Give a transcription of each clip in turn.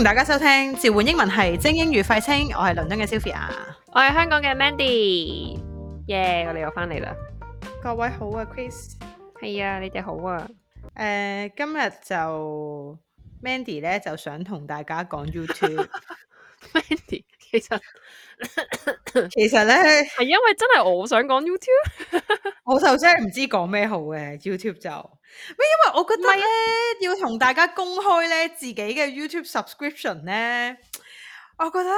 歡迎大家收聽，召喚英文系精英與廢青，我係倫敦嘅 Sylvia，我係香港嘅 Mandy，耶，我哋又翻嚟啦，各位好啊，Chris，係啊，你哋好啊，誒，今日就 Mandy 咧，就想同大家講 YouTube，Mandy 其實。 其實咧，係因為真係我想講 YouTube， 我就真係唔知講咩好嘅 YouTube 就咩？因為我覺得咧是要同大家公開咧自己嘅 YouTube subscription 咧，我覺得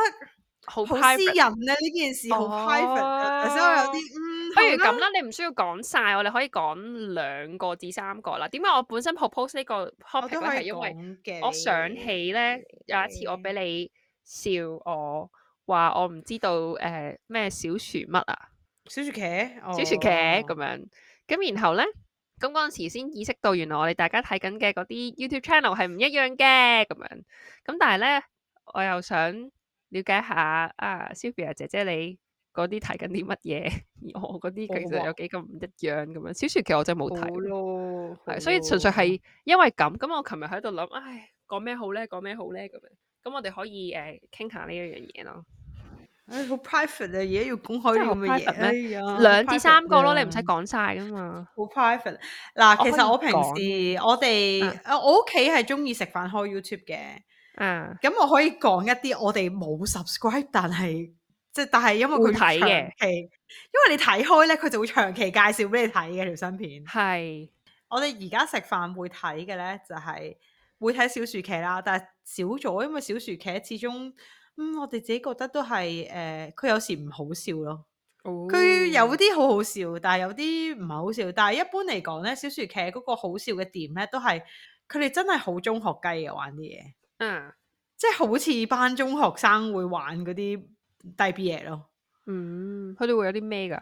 好私人啊，呢件事好 private，所以我有啲、嗯、不如咁啦，嗯、你唔需要講晒，我哋可以講兩個至三個啦。點解我本身 propose 呢個 topic 係因為我想起咧幾有一次我俾你笑我。話我唔知道誒咩、呃、小薯乜啊？小薯茄，oh. 小薯茄咁樣。咁然後咧，咁嗰陣時先意識到，原來我哋大家睇緊嘅嗰啲 YouTube channel 係唔一樣嘅咁樣。咁但係咧，我又想了解下啊，Sylvia 姐姐你嗰啲睇緊啲乜嘢？我嗰啲其實有幾咁唔一樣咁樣。小薯茄我真係冇睇咯，係所以純粹係因為咁。咁我琴日喺度諗，唉，講咩好咧？講咩好咧？咁樣。咁我哋可以誒傾、呃、下呢一樣嘢咯。哎，好 private 啊，嘢要公開啲咁嘅嘢咩？兩、哎、呀至三個咯，啊、你唔使講晒噶嘛。好 private。嗱，其實我，我平時我哋誒，我屋企係中意食飯開 YouTube 嘅。嗯、啊。咁我可以講一啲我哋冇 subscribe，但係即係但係因為佢睇嘅，因為你睇開咧，佢就會長期介紹俾你睇嘅條新片。係是。我哋而家食飯會睇嘅咧，就係、是、會睇小薯茄啦，但係。少咗，因為小薯茄始終，嗯，我哋自己覺得都係，誒、呃，佢有時唔好笑咯。佢、哦、有啲好好笑，但係有啲唔係好笑。但係一般嚟講咧，小薯茄嗰個好笑嘅點咧，都係佢哋真係好中學雞嘅玩啲嘢。嗯，即係好似班中學生會玩嗰啲低 b 嘢咯。嗯，佢哋會有啲咩噶？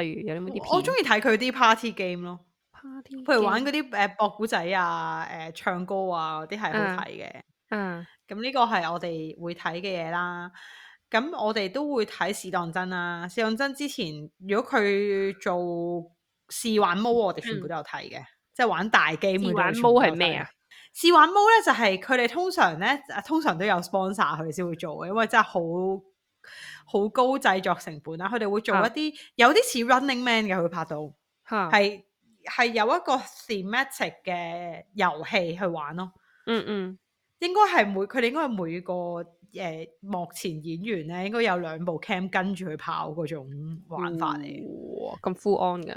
例如有啲啲？我中意睇佢啲 party game 咯，party，game? 譬如玩嗰啲誒博古仔啊，誒、呃、唱歌啊，啲係好睇嘅。嗯嗯，咁呢個係我哋會睇嘅嘢啦。咁我哋都會睇試當真啦。試當真之前，如果佢做試玩毛，我哋全部都有睇嘅，嗯、即係玩大 g a m 玩毛係咩啊？試玩毛咧就係佢哋通常咧，通常都有 sponsor 佢先會做嘅，因為真係好好高製作成本啦。佢哋會做一啲、啊、有啲似 Running Man 嘅，佢拍到係係、啊、有一個 s y m m e t i c 嘅遊戲去玩咯。嗯嗯。應該係每佢哋應該係每個誒、呃、幕前演員咧，應該有兩部 cam 跟住去跑嗰種玩法嚟。咁 full on 噶，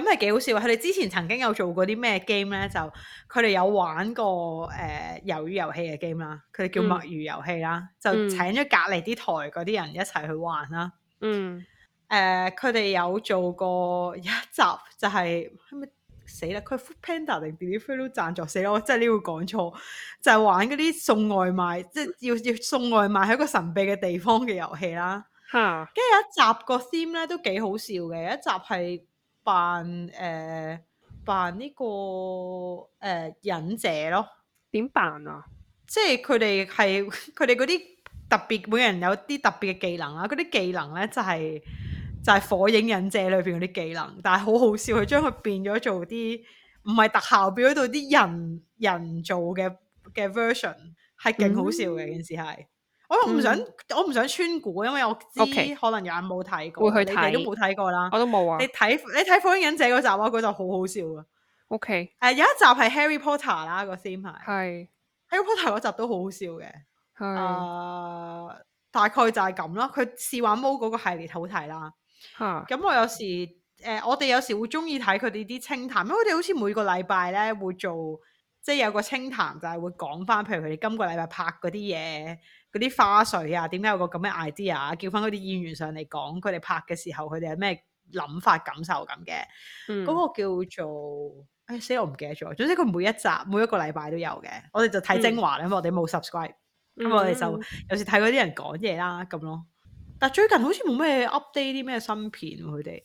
咁係幾好笑。佢哋之前曾經有做過啲咩 game 咧？就佢哋有玩過誒遊、呃、魷魚遊戲嘅 game 啦，佢哋叫墨魚遊戲啦，嗯、就請咗隔離啲台嗰啲人一齊去玩啦。嗯，誒、呃，佢哋有做過一集，就係、是死啦！佢 Foodpanda 定 b i l 都贊助死啦！我真係呢會講錯，就係、是、玩嗰啲送外賣，即、就、係、是、要要送外賣喺個神秘嘅地方嘅遊戲啦。嚇哈！跟住有一集個 theme 咧都幾好笑嘅，有一集係扮誒、呃、扮呢、這個誒、呃、忍者咯。點扮啊？即係佢哋係佢哋嗰啲特別，每人有啲特別嘅技能啊。嗰啲技能咧就係、是、～就係《火影忍者》裏邊嗰啲技能，但係好好笑，佢將佢變咗做啲唔係特效表到啲人人做嘅嘅 version，係勁好笑嘅件事係。我唔想我唔想穿估，因為我知可能有人冇睇過，你哋都冇睇過啦。我都冇啊。你睇你睇《火影忍者》嗰集啊，嗰就好好笑啊。OK。誒有一集係《Harry Potter》啦，個先排。係是。Harry Potter 嗰集都好好笑嘅。係是。Uh，大概就係咁啦。佢試玩毛嗰個系列好睇啦。啊！咁我有時誒、呃，我哋有時會中意睇佢哋啲清談，因為佢哋好似每個禮拜咧會做，即係有個清談就係會講翻，譬如佢哋今個禮拜拍嗰啲嘢、嗰啲花絮啊，點解有個咁嘅 idea，叫翻嗰啲演員上嚟講佢哋拍嘅時候佢哋有咩諗法感受咁嘅。嗰、嗯、個叫做哎死，我唔記得咗。總之佢每一集每一個禮拜都有嘅，我哋就睇精華咧，嗯、因為我哋冇 subscribe，咁我哋就有時睇嗰啲人講嘢啦，咁咯。但最近好似冇咩 update 啲咩新片佢、啊、哋，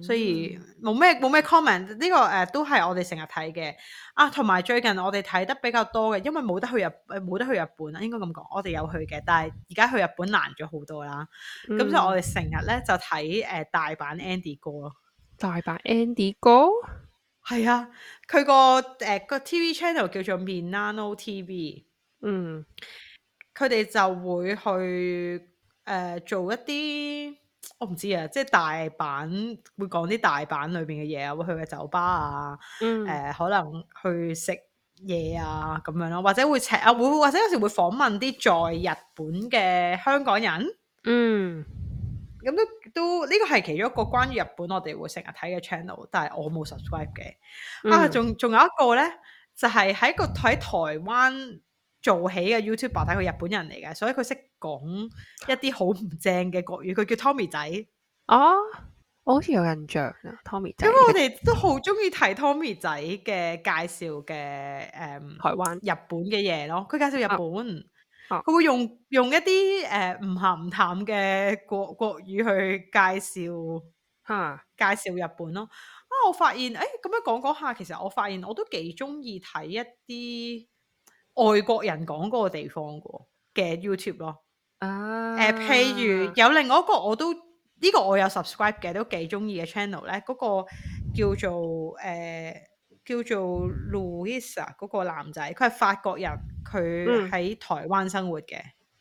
所以冇咩冇咩 comment 呢個誒、呃，都係我哋成日睇嘅啊。同埋最近我哋睇得比較多嘅，因為冇得去日冇得去日本啊，應該咁講。我哋有去嘅，但係而家去日本難咗好多啦。咁所以我哋成日咧就睇誒大阪 Andy 哥咯，大阪 Andy 哥係啊，佢個誒個 TV channel 叫做 Minano TV，嗯，佢哋就會去。誒、呃、做一啲我唔知啊，即係大阪會講啲大阪裏邊嘅嘢啊，會去嘅酒吧啊，誒、嗯呃、可能去食嘢啊咁樣咯，或者會請啊會，或者有時會訪問啲在日本嘅香港人。嗯，咁都都呢、這個係其中一個關於日本我哋會成日睇嘅 channel，但係我冇 subscribe 嘅。啊，仲仲有一個呢，就係、是、喺個喺台灣。做起嘅 YouTuber，睇佢日本人嚟嘅，所以佢識講一啲好唔正嘅國語。佢叫 Tommy 仔啊，我好似有印象啦，Tommy 仔，因為我哋都好中意睇 Tommy 仔嘅介紹嘅，誒、嗯，台灣的、日本嘅嘢咯。佢介紹日本，佢、啊、會用用一啲誒唔咸唔淡嘅國國語去介紹，吓、啊、介紹日本咯。啊，我發現誒，咁、欸、樣講講下，其實我發現我都幾中意睇一啲。外國人講嗰個地方嘅 YouTube 咯，誒、啊，譬、呃、如有另外一個我都呢、這個我有 subscribe 嘅，都幾中意嘅 channel 咧，嗰、那個叫做誒、呃、叫做 Louis a 嗰個男仔，佢係法國人，佢喺台灣生活嘅，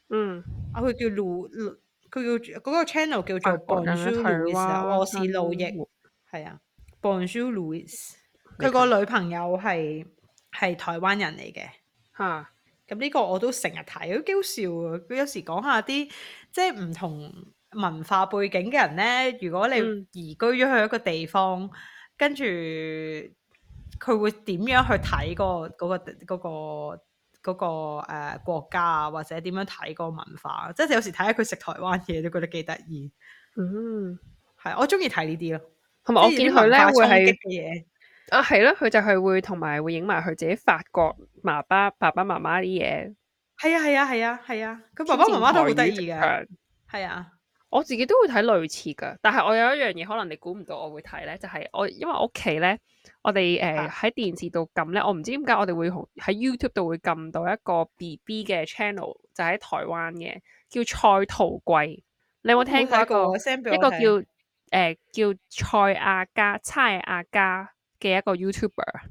嗯，啊佢叫 Louis，佢叫嗰、那個 channel 叫做 Bonjour Louis，a 我是路易，係啊，Bonjour Louis，佢個女朋友係係台灣人嚟嘅。吓，咁呢、啊、個我都成日睇，都幾好笑。佢有時講下啲即係唔同文化背景嘅人咧，如果你移居咗去一個地方，嗯、跟住佢會點樣去睇嗰、嗰個嗰、嗰個、嗰個、嗰個誒、呃、國家啊，或者點樣睇嗰個文化？即係有時睇下佢食台灣嘢，都覺得幾得意。嗯，係，我中意睇呢啲咯。同埋我，是我見佢咧會係啲嘢。啊，係咯、啊，佢就係會同埋會影埋佢自己法國爸爸、爸爸媽媽啲嘢。係啊，係啊，係啊，係啊，佢爸爸媽媽都好得意㗎。係啊，我自己都會睇類似㗎，但係我有一樣嘢可能你估唔到我、就是我，我會睇咧，就係我因為我屋企咧，我哋誒喺電視度撳咧，我唔知點解我哋會喺 YouTube 度會撳到一個 BB 嘅 channel 就喺、是、台灣嘅叫蔡桃貴，你有冇聽過一個過一個叫誒、啊、叫蔡阿嘉、蔡阿嘉？嘅一個 YouTuber，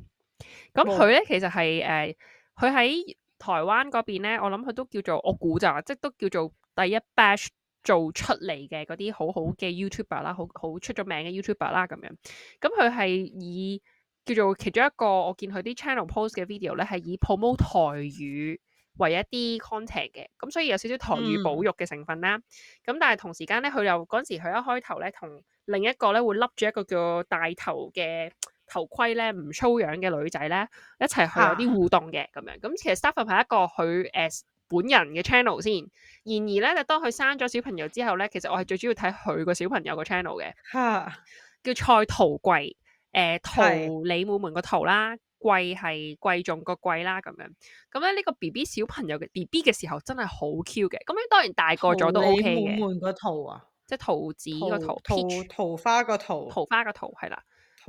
咁佢咧其實係誒，佢、呃、喺台灣嗰邊咧，我諗佢都叫做我估咋，即係都叫做第一 batch 做出嚟嘅嗰啲好好嘅 YouTuber 啦，好好出咗名嘅 YouTuber 啦咁樣。咁佢係以叫做其中一個，我見佢啲 channel post 嘅 video 咧係以 promote 台語為一啲 content 嘅，咁所以有少少台語保育嘅成分啦。咁、嗯、但係同時間咧，佢又嗰陣時佢一開頭咧，同另一個咧會笠住一個叫大頭嘅。頭盔咧，唔粗樣嘅女仔咧，一齊去有啲互動嘅咁、啊、樣，咁其實 staff 係一個佢誒、呃、本人嘅 channel 先。然而咧，就當佢生咗小朋友之後咧，其實我係最主要睇佢個、BB、小朋友個 channel 嘅，叫蔡桃貴誒桃李滿門個桃啦，貴係貴重個貴啦，咁樣，咁咧呢個 B B 小朋友嘅 B B 嘅時候真係好 Q 嘅。咁樣，當然大個咗都 O K 嘅。桃李滿門個桃啊，即係桃子個桃，桃桃花個桃，桃花個桃係啦。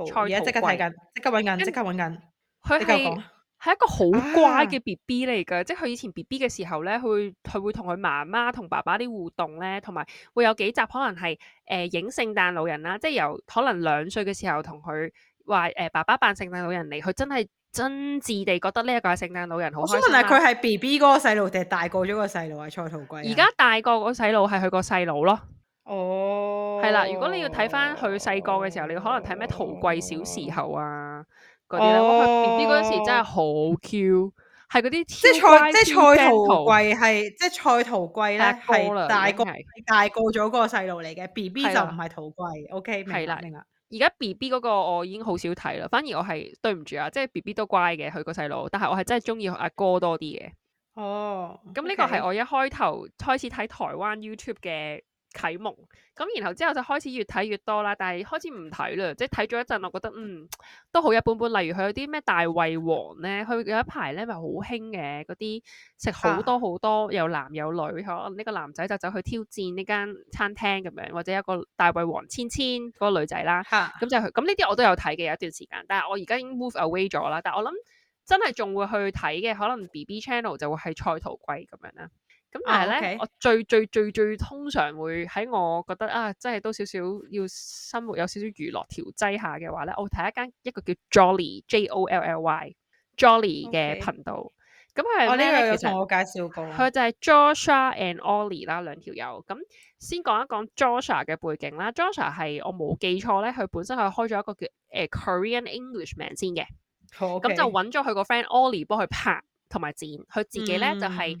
蔡而家即刻睇緊，即刻揾緊，即刻揾緊。佢係係一個好乖嘅 BB 嚟㗎，啊、即係佢以前 BB 嘅時候咧，佢佢會同佢媽媽同爸爸啲互動咧，同埋會有幾集可能係誒影聖誕老人啦，即係由可能兩歲嘅時候同佢話誒爸爸扮聖誕老人嚟，佢真係真摯地覺得呢一個係聖誕老人好開心。係佢係 BB 嗰個細路定係大個咗個細路啊？蔡桃貴。而家大個嗰細路係佢個細路咯。哦，係啦、oh,！如果你要睇翻佢細個嘅時候，你可能睇咩《桃貴小時候》oh, 時候啊嗰啲咧。B B 嗰時真係好 Q，係嗰啲即係蔡 tle, 即係蔡桃貴係即係蔡桃貴咧係大,大個大個咗個細路嚟嘅 B B 就唔係桃貴。O K 係啦，係啦、OK,。而家 B B 嗰個我已經好少睇啦，反而我係對唔住啊，即係 B B 都乖嘅佢個細路，但係我係真係中意阿哥多啲嘅。哦，咁呢個係我一開頭開始睇台灣 YouTube 嘅。睇蒙咁，然後之後就開始越睇越多啦。但係開始唔睇啦，即係睇咗一陣，我覺得嗯都好一般般。例如佢有啲咩大胃王咧，佢有一排咧咪好興嘅嗰啲食好多好多，多，啊、有男有女。可能呢個男仔就走去挑戰呢間餐廳咁樣，或者一個大胃王千千嗰個女仔啦。嚇咁、啊、就咁呢啲我都有睇嘅有一段時間，但係我而家已經 move away 咗啦。但係我諗真係仲會去睇嘅，可能 BB Channel 就會係菜圖貴咁樣啦。咁但係咧，oh, okay. 我最最最最通常會喺我覺得啊，即係多少少要生活有少少娛樂調劑下嘅話咧，我睇一間一個叫 Jolly J, olly, J O L L Y Jolly 嘅頻道。咁係我呢個其實我介紹過，佢就係 Joshua and Ollie 啦，兩條友。咁先講一講 Joshua 嘅背景啦。Joshua 係我冇記錯咧，佢本身佢開咗一個叫誒、呃、Korean Englishman 先嘅，咁、oh, okay. 嗯、就揾咗佢個 friend Ollie 幫佢拍同埋剪，佢自己咧就係。嗯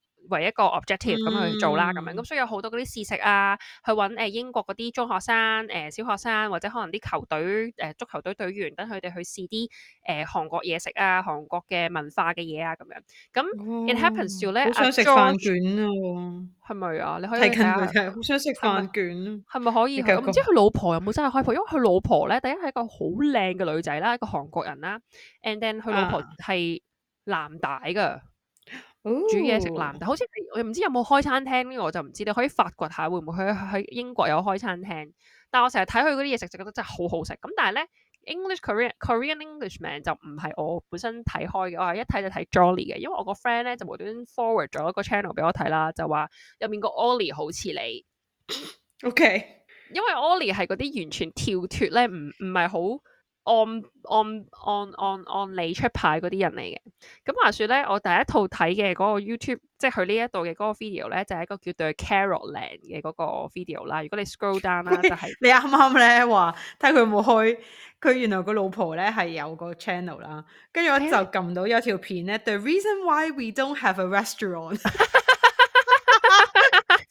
為一個 objective 咁去做啦，咁樣咁所以有好多嗰啲試食啊，去揾誒英國嗰啲中學生、誒小學生或者可能啲球隊誒足球隊隊員等佢哋去試啲誒韓國嘢食啊、韓國嘅文化嘅嘢啊咁樣。咁 it happens to 咧，好想食飯卷啊，係咪啊？你可以睇下佢聽，好想食飯卷，係咪可以？我唔知佢老婆有冇真係開鋪，因為佢老婆咧第一係一個好靚嘅女仔啦，一個韓國人啦，and then 佢老婆係男大噶。煮嘢食南豆，好似我唔知有冇開餐廳呢個，我就唔知。你可以發掘下會唔會去去英國有開餐廳。但我成日睇佢嗰啲嘢食，就覺得真係好好食。咁但係咧，English Korean Korean Englishman 就唔係我本身睇開嘅，我係一睇就睇 Jolly 嘅，因為我個 friend 咧就無端端 forward 咗一個 channel 俾我睇啦，就話入面個 Ollie 好似你。O Okay . K，因為 Ollie 係嗰啲完全跳脱咧，唔唔係好。按按按按按你出牌嗰啲人嚟嘅。咁話說咧，我第一套睇嘅嗰個 YouTube，即係佢呢一度嘅嗰個 video 咧，就係一個叫做 Carol Land 嘅嗰個 video 啦。如果你 scroll down 啦，就係你啱啱咧話睇佢有冇去，佢原來個老婆咧係有個 channel 啦，跟住我就撳到有條片咧，The reason why we don't have a restaurant。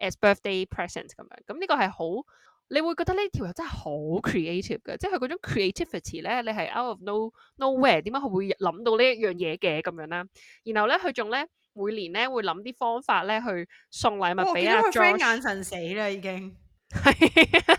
As birthday presents 咁樣，咁呢個係好，你會覺得呢條友真係好 creative 嘅，即係佢嗰種 creativity 咧，你係 out of no nowhere，點解佢會諗到呢一樣嘢嘅咁樣啦？然後咧，佢仲咧每年咧會諗啲方法咧去送禮物俾阿 John，眼神死啦已經。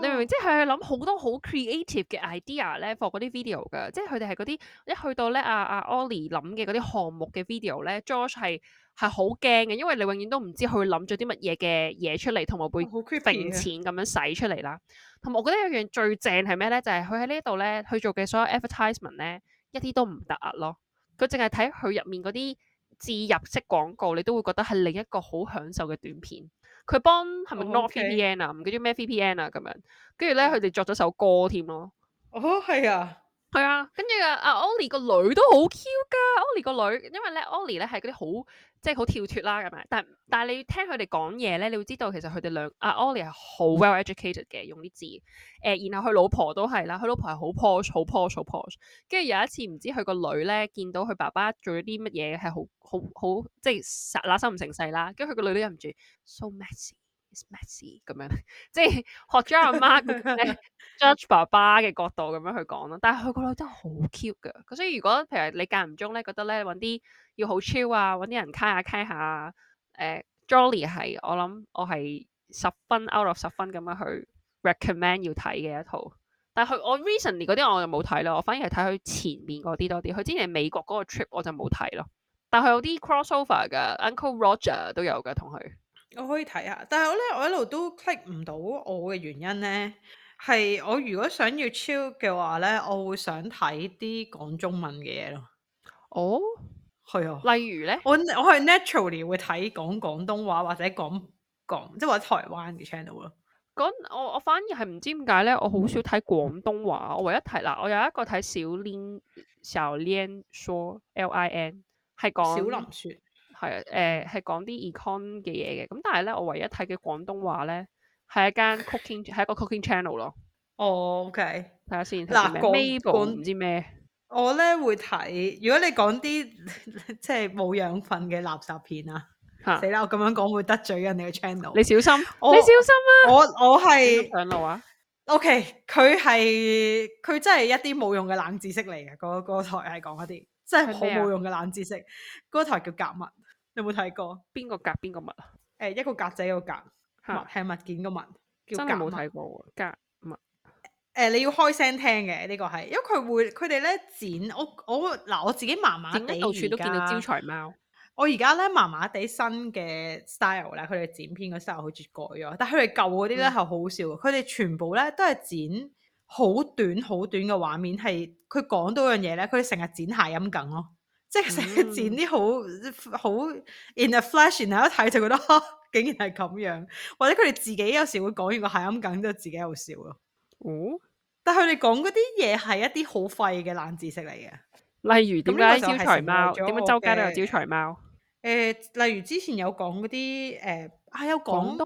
你明唔明？即係佢去諗好多好 creative 嘅 idea 咧，for 嗰啲 video 噶。即係佢哋係嗰啲一去到咧、啊啊，阿阿 Ollie 諗嘅嗰啲項目嘅 video 咧，George 係係好驚嘅，因為你永遠都唔知佢諗咗啲乜嘢嘅嘢出嚟，同埋會揈錢咁樣使出嚟啦。同埋我覺得有樣最正係咩咧？就係佢喺呢度咧去做嘅所有 advertisement 咧，一啲都唔突兀咯。佢淨係睇佢入面嗰啲置入式廣告，你都會覺得係另一個好享受嘅短片。佢幫係咪 Nord VPN 啊？唔記得咩 VPN 啊？咁樣，跟住咧，佢哋作咗首歌添咯。哦，係啊。係啊，跟住啊，阿 Ollie 個女都好 cute 噶，Ollie 個女，因為咧 Ollie 咧係嗰啲好即係好跳脫啦咁樣，但但係你聽佢哋講嘢咧，你會知道其實佢哋兩阿 Ollie 係好 well educated 嘅，用啲字，誒、呃，然後佢老婆都係啦，佢老婆係好 posh，好 posh，好 posh，跟住有一次唔知佢個女咧見到佢爸爸做咗啲乜嘢係好好好即係殺哪心唔成世啦，跟住佢個女都忍唔住，so messy。smarty 咁樣，即係學咗阿媽 judge 爸爸嘅角度咁樣去講咯。但係佢個女真係好 cute 噶，咁所以如果譬如你間唔中咧覺得咧揾啲要好 chill 啊，揾啲人卡下卡下，誒、呃、Jolly 係我諗我係十分 out 十分咁樣去 recommend 要睇嘅一套。但係佢我 recently 嗰啲我就冇睇咯，我反而係睇佢前面嗰啲多啲。佢之前美國嗰個 trip 我就冇睇咯，但係有啲 crossover 噶 Uncle Roger 都有噶同佢。我可以睇下，但係我咧，我一路都 click 唔到我嘅原因咧，係我如果想要 chill 嘅話咧，我會想睇啲講中文嘅嘢咯。哦，係啊的，例如咧，我我係 naturally 會睇講廣東話或者講講即係話台灣嘅 channel 咯。咁我我反而係唔知點解咧，我好少睇廣東話。我唯一睇嗱，我有一個睇小 Lin 小 Lin 說 L I N 係講小林說。L I N, 係誒係講啲 econ 嘅嘢嘅，咁但係咧我唯一睇嘅廣東話咧係一間 cooking 係 一個 cooking channel 咯。哦、oh，OK，睇下先。嗱，廣廣唔知咩？我咧會睇，如果你講啲 即係冇養分嘅垃圾片啊，死啦、啊！我咁樣講會得罪人哋嘅 channel，你小心，我你小心啊！我我係上路啊。OK，佢係佢真係一啲冇用嘅冷知識嚟嘅，嗰、那、嗰、個那個、台係講一啲真係好冇用嘅冷知識，嗰、啊、台叫夾物。你有冇睇過？邊個格邊個物啊？誒，一個格仔個格物係物件個物，叫格物。真係冇睇過喎，格物誒，你要開聲聽嘅呢個係，因為佢會佢哋咧剪我我嗱，我自己麻麻地，到處都見到招財貓。我而家咧麻麻地新嘅 style 咧，佢哋剪片嘅 style 好似改咗，但係佢哋舊嗰啲咧係好笑，佢哋全部咧都係剪好短好短嘅畫面，係佢講到樣嘢咧，佢哋成日剪下音梗咯。即係成日剪啲、嗯、好好 in a flash，然後一睇就覺得，竟然係咁樣。或者佢哋自己有時會講完個諧音梗，就自己喺度笑咯。哦！但係佢哋講嗰啲嘢係一啲好廢嘅冷知識嚟嘅。例如點解招財貓？點解周街都有招財貓？誒、呃，例如之前有講嗰啲誒，係有講，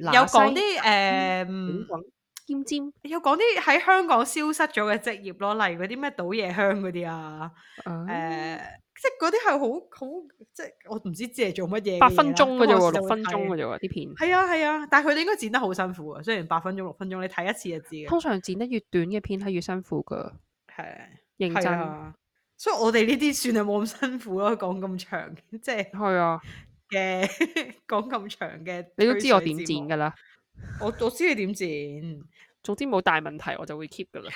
有講啲誒。尖尖，要講啲喺香港消失咗嘅職業咯，例如嗰啲咩倒夜香嗰啲啊，誒、啊呃，即係嗰啲係好好，即係我唔知即係做乜嘢。八分鐘嘅啫，六分鐘嘅啫，啲片。係啊係啊，但係佢哋應該剪得好辛苦啊，雖然八分鐘六分鐘，你睇一次就知。通常剪得越短嘅片係越辛苦噶，係、啊、認真，啊！所以我哋呢啲算係冇咁辛苦咯，講咁長即係。係啊。嘅講咁長嘅，你都知我點剪噶啦。我我知你點剪，總之冇大問題，我就會 keep 噶啦。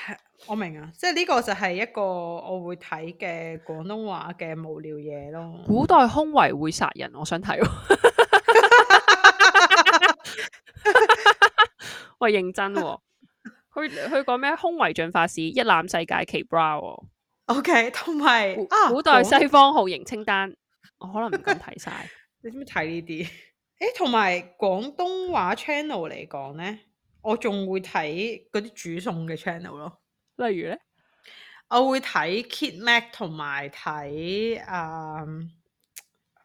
我明啊，即係呢個就係一個我會睇嘅廣東話嘅無聊嘢咯。古代胸圍會殺人，我想睇。我認真，佢佢講咩？胸圍進化史，一覽世界奇 bra。OK，同埋、啊、古代西方號型清單， 我可能唔敢睇晒。 你知唔知睇呢啲？誒，同埋廣東話 channel 嚟講咧，我仲會睇嗰啲煮餸嘅 channel 咯。例如咧，我會睇 Kit Mac，同埋睇啊，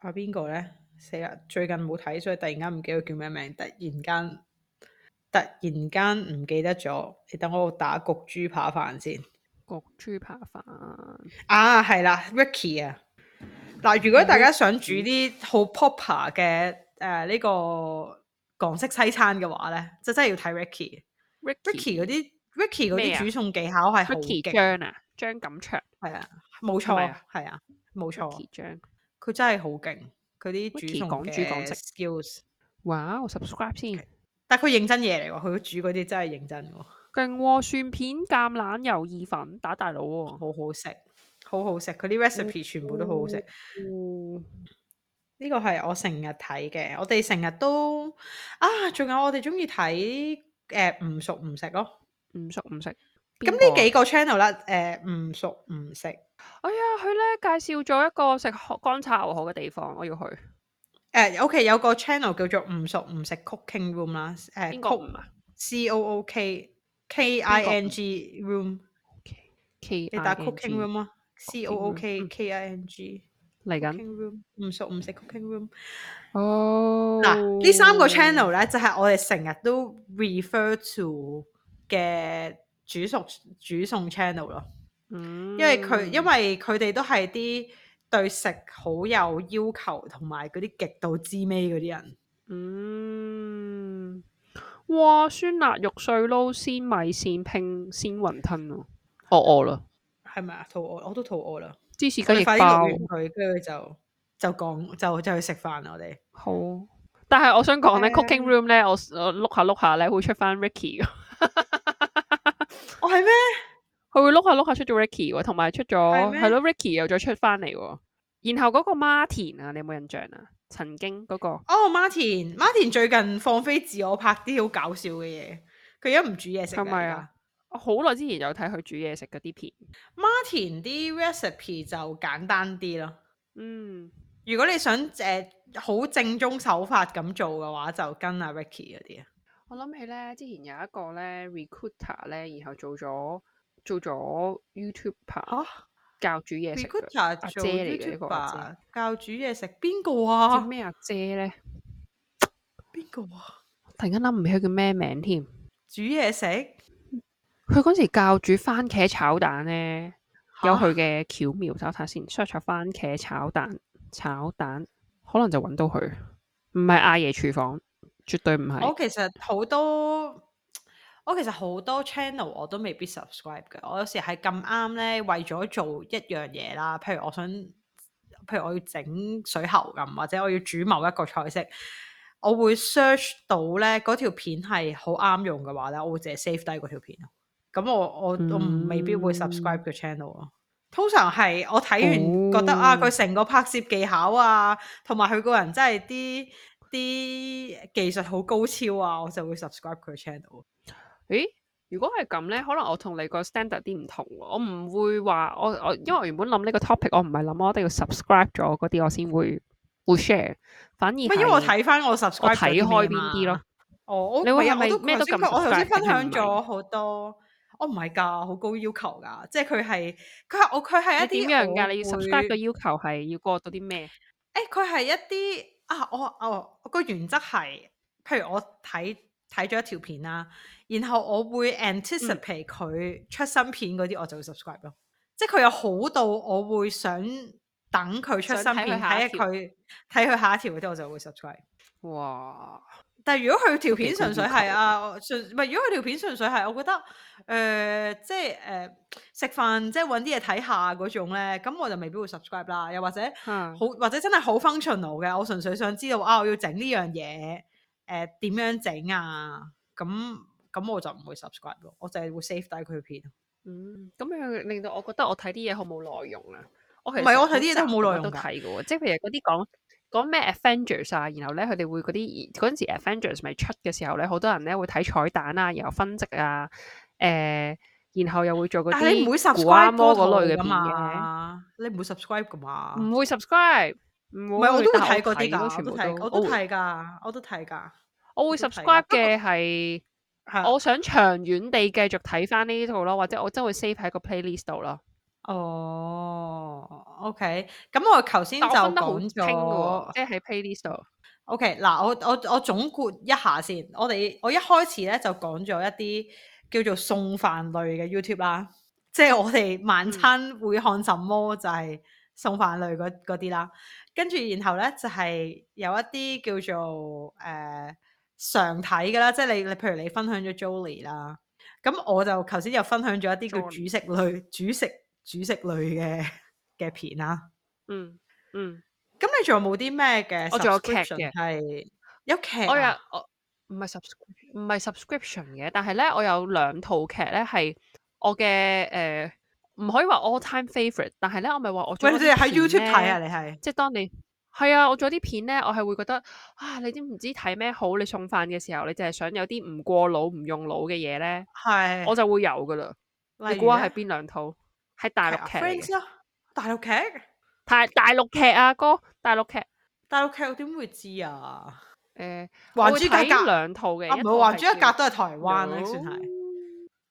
誒邊個咧？死啦！最近冇睇，所以突然間唔記得叫咩名。突然間突然間唔記得咗，你等我打焗豬扒飯先。焗豬扒飯啊，係啦，Ricky 啊。嗱，啊，如果大家想煮啲好 proper 嘅。誒，呢、uh, 個港式西餐嘅話咧，就真係要睇 Ricky，Ricky 嗰啲 Ricky 嗰啲煮餸技巧係好勁，張啊張錦祥係啊，冇錯係啊，冇錯，張佢真係好勁，佢啲煮港煮港式 skills，哇，我 subscribe 先，okay。但佢認真嘢嚟，佢煮嗰啲真係認真，勁喎、哦，蒜片橄欖油意粉打大佬喎、哦，好好食，好好食，佢啲 recipe 全部都好好食，哦呢個係我成日睇嘅，我哋成日都啊，仲有我哋中意睇誒唔熟唔食咯，唔熟唔食。咁呢幾個 channel 啦，誒唔熟唔食。哎呀，佢咧介紹咗一個食乾炒牛河嘅地方，我要去。誒，OK，有個 channel 叫做唔熟唔食 Cooking Room 啦，誒，邊個啊？C O O K K I N G Room。你打 Cooking Room 啊 C O O K K I N G 嚟緊，唔熟唔食 cooking room。哦，嗱，呢三個 channel 咧就係我哋成日都 refer to 嘅煮熟煮餸 channel 咯。嗯，因為佢因為佢哋都係啲對食好有要求同埋嗰啲極度滋味嗰啲人。嗯，哇！酸辣肉碎、撈鮮米線、拼鮮雲吞啊！餓餓啦，係咪啊？肚餓，我都肚餓啦。支持佢，佢快啲錄完佢，跟住就就講就就去食飯啦！我哋好，但係我想講咧、嗯、，Cooking Room 咧，我我碌下碌下咧，會出翻 Ricky，我係咩？佢 嗎會碌下碌下出咗 Ricky 喎，同埋出咗係咯，Ricky 又再出翻嚟喎。然後嗰個 Martin 啊，你有冇印象啊？曾經嗰、那個哦、oh, Martin，Martin 最近放飛自我拍啲好搞笑嘅嘢，佢而家唔煮嘢食係咪啊？嗎我好耐之前有睇佢煮嘢食嗰啲片，Martin 啲 recipe 就簡單啲咯。嗯，如果你想誒好、呃、正宗手法咁做嘅話，就跟阿 Ricky 嗰啲啊。我諗起咧，之前有一個咧 Recruiter 咧，然後做咗做咗 YouTuber 啊，教煮嘢食。Recruiter 做 YouTube 教煮嘢食，邊個啊？咩阿姐咧？邊個啊？突然間諗唔起佢叫咩名添？煮嘢食。佢嗰時教煮番茄炒蛋咧，有佢嘅巧妙。等蛤我睇先，search 番茄炒蛋炒蛋，可能就揾到佢。唔係阿爺廚房，絕對唔係。我其實好多，我其實好多 channel 我都未必 subscribe 嘅。我有時係咁啱咧，為咗做一樣嘢啦，譬如我想，譬如我要整水喉咁，或者我要煮某一個菜式，我會 search 到咧嗰條片係好啱用嘅話咧，我會淨係 save 低嗰條片。咁我我我未必會 subscribe 佢 channel 啊。通常係我睇完覺得、oh. 啊，佢成個拍攝技巧啊，同埋佢個人真係啲啲技術好高超啊，我就會 subscribe 佢 channel。誒、欸，如果係咁咧，可能我你同你個 standard 啲唔同喎。我唔會話我我，因為我原本諗呢個 topic，我唔係諗我一定要 subscribe 咗嗰啲，我先會會 share。反而因為我睇翻我 subscribe，睇開邊啲咯。哦，我你會我我，我都我頭先分享咗好多是是。我唔係噶，好、oh、高要求噶，即係佢係佢我佢係、哎、一啲點樣噶？你要 subscribe 個要求係要過到啲咩？誒，佢係一啲啊，我哦個原則係，譬如我睇睇咗一條片啦，然後我會 anticipate 佢、嗯、出新片嗰啲，我就會 subscribe 咯。即係佢有好到我會想等佢出新看片，睇下佢睇佢下一條嗰啲，我就會 subscribe。哇！但係如果佢條片純粹係 Okay, 啊，純唔係如果佢條片純粹係，我覺得誒、呃、即係誒、呃、食飯即係揾啲嘢睇下嗰種咧，咁我就未必會 subscribe 啦。又或者、嗯、好或者真係好 functional 嘅，我純粹想知道啊，我要整呢、呃、樣嘢誒點樣整啊？咁咁我就唔會 subscribe 咯，我就係會 save 低佢片。嗯，咁樣令到我覺得我睇啲嘢好冇內容啊！我其實唔係我睇啲嘢都冇內容睇㗎喎。即係譬如嗰啲講。講咩 Avengers 啊，然後咧佢哋會嗰啲嗰陣時 Avengers 咪出嘅時候咧，好多人咧會睇彩蛋啊，然後分析啊，誒、呃，然後又會做嗰啲。但你唔會 subscribe 嗰類嘅片你唔會 subscribe 噶嘛？唔、啊、會 subscribe。唔係我都睇嗰啲全部我都睇，我都睇㗎都，我都睇㗎。我，我，我會 subscribe 嘅係，我想長遠地繼續睇翻呢套咯，或者我真係會 save 喺個 playlist 度咯。哦、oh，OK，咁我頭先就講咗，即係 playlist。就是，OK，嗱，我我我總括一下先，我哋我一開始咧就講咗一啲叫做餸飯類嘅 YouTube 啦，即係我哋晚餐會看什麼，就係餸飯類嗰啲啦。跟住然後咧就係、是，有一啲叫做誒、呃、常睇㗎啦，即係你你譬如你分享咗 Jolie 啦，咁我就頭先又分享咗一啲叫主食類 Jolie。主食。主食類嘅嘅片啦、啊嗯，嗯嗯，咁你仲有冇啲咩嘅？我仲有劇嘅，係有劇，我有唔係 sub 唔係 subscription 嘅，但係咧，我有兩套劇咧，係我嘅誒，唔可以話 all time favorite，但係咧，我咪話我，你喺 YouTube 睇啊，你係即係當你係啊，我仲有啲片咧，我係會覺得啊，你知唔知睇咩好，你送飯嘅時候，你淨係想有啲唔過腦、唔用腦嘅嘢咧，係我就會有噶啦，你估下係邊兩套？係大陸劇，大陸劇，大大陸劇啊！哥，大陸劇，大陸劇我點會知啊？誒，我睇兩套嘅，唔係話《還珠格格》都係台灣啦，算係，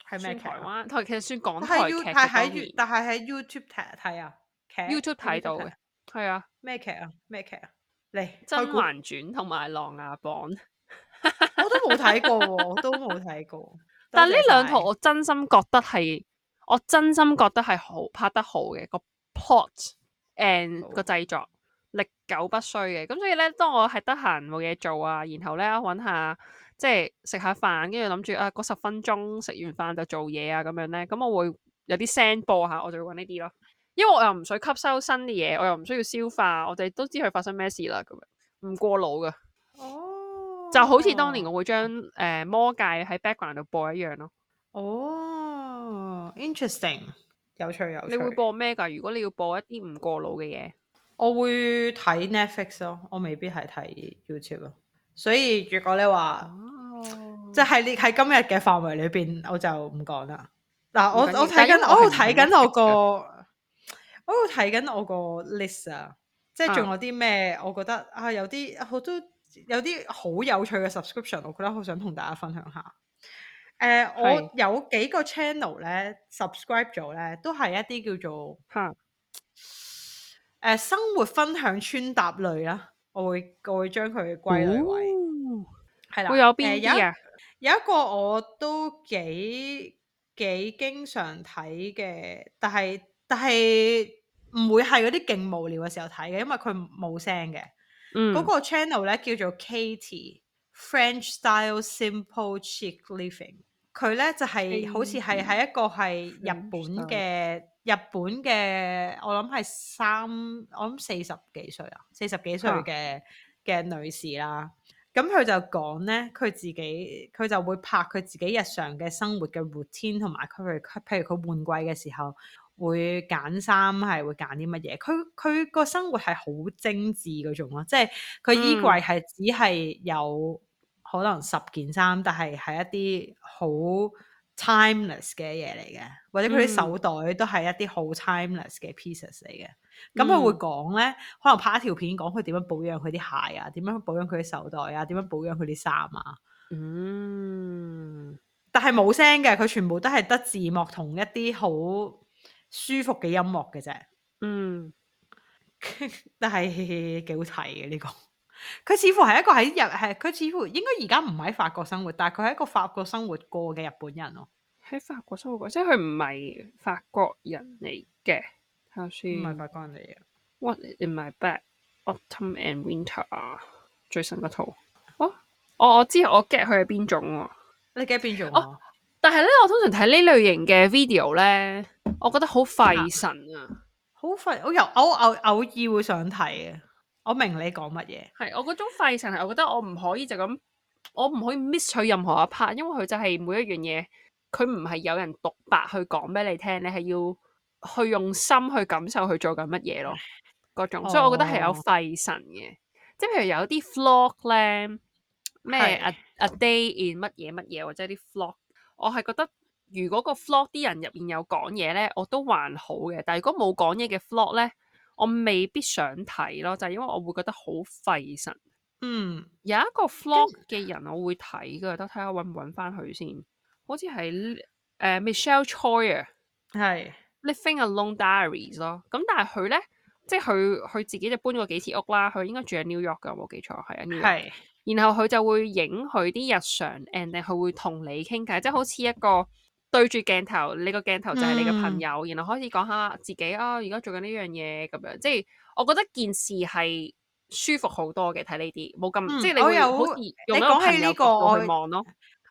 係咩劇，台灣，台其實算港台劇。但係喺但係喺 YouTube 睇啊劇，YouTube 睇到嘅，係啊咩劇啊咩劇啊嚟《甄嬛傳》同埋《琅琊榜》，我都冇睇過喎，我都冇睇過。但係呢兩套我真心覺得係。我真心覺得係好拍得好嘅個 plot，and 個製作歷、oh. 久不衰嘅。咁所以咧，當我係得閒冇嘢，做啊，然後咧，搵下即係食下飯，跟住諗住啊嗰十分鐘食完飯就做嘢啊咁樣咧，咁我會有啲聲播下，我就會搵呢啲咯。因為我又唔想吸收新嘅嘢，我又唔需要消化，我哋都知佢發生咩事啦，咁樣唔過腦㗎。哦，oh. 就好似當年我會將誒、呃、魔戒喺 background 度播一樣咯。哦。Oh. Interesting 有趣有趣，你會播咩㗎？如果你要播一啲唔過腦嘅嘢，我會睇 Netflix 咯，我未必係睇 YouTube 咯。所以如果你話，哦，即係喺今日嘅範圍裏邊，我就唔講啦。嗱，我我睇緊，我度睇緊我個，我度睇緊我個 list 啊，即係仲有啲咩？我覺得啊，有啲好都有啲好有趣嘅 subscription，我覺得好想同大家分享下。誒，uh, 是我有幾個 channel 咧 subscribe 咗咧，都係一啲叫做誒 Huh.、呃、生活分享穿搭類啦、啊，我會我會將佢歸類為、哦、啦。會有邊啲、呃、有一個我都幾幾經常睇嘅，但係但係唔會係嗰啲勁無聊嘅時候睇嘅，因為佢冇聲嘅。嗯，嗰個 channel 咧叫做 Katie French Style Simple、mm. Chic Living。佢咧就係、是、好似係喺一個係日本嘅、嗯嗯、日本嘅，我諗係三，我諗四十幾歲啊，四十幾歲嘅嘅、嗯、女士啦。咁佢就講咧，佢自己佢就會拍佢自己日常嘅生活嘅活天 routine 同埋佢佢譬如佢換季嘅時候會揀衫，係會揀啲乜嘢？佢佢個生活係好精緻嗰種咯，即係佢衣櫃係只係有可能十件衫，但係係一啲。好 timeless 嘅嘢嚟嘅，或者佢啲手袋都係一啲好 timeless 嘅 pieces 嚟嘅。咁佢、嗯、會講咧，可能拍一條片講佢點樣保養佢啲鞋啊，點樣保養佢啲手袋啊，點樣保養佢啲衫啊。嗯，但係冇聲嘅，佢全部都係得字幕同一啲好舒服嘅音樂嘅啫。嗯， 但係幾好睇嘅呢個。佢似乎係一個喺日係，佢似乎應該而家唔喺法國生活，但係佢係一個法國生活過嘅日本人咯。喺法國生活過，即係佢唔係法國人嚟嘅。睇下先，唔係、嗯、法國人嚟嘅。What is in my bag? Autumn and winter，最新嘅圖。我我知我 get 佢係邊種。你 get 邊種？哦，啊、但係咧，我通常睇呢類型嘅 video 咧，我覺得好費神啊，啊，好費。我又偶偶偶爾會想睇啊。我明你講乜嘢，係我嗰種費神，係我覺得我唔可以就咁，我唔可以 miss 佢任何一 part，因為佢就係每一樣嘢，佢唔係有人獨白去講俾你聽，你係要去用心去感受佢做緊乜嘢咯，嗰種，哦、所以我覺得係有費神嘅，即係譬如有啲 vlog 咧，咩 a, 是 a day in 乜嘢乜嘢，或者啲 vlog，我係覺得如果個 vlog 啲人入面有講嘢咧，我都還好嘅，但係如果冇講嘢嘅 vlog 咧。我未必想睇咯，就係、因為我會覺得、嗯、會找找好費神、uh, er, 是。嗯，有一個 vlog 嘅人我會睇嘅，都睇下揾唔揾翻佢先。好似係誒 Michelle Troy 啊，係 Living Alone Diaries 咯。咁但係佢咧，即係佢佢自己就搬過幾次屋啦。佢應該住喺 New York 嘅，我冇記錯係、啊、New York。係是，然後佢就會影佢啲日常，誒定佢會同你傾偈，即係好似一個。對住鏡頭，你個鏡頭就係你個朋友，嗯、然後開始講下自己啊，而家做緊呢樣嘢咁樣。即係我覺得件事係舒服好多嘅，睇呢啲冇咁，嗯、即係你會我有好似像用咗、這個、朋友角度去望咯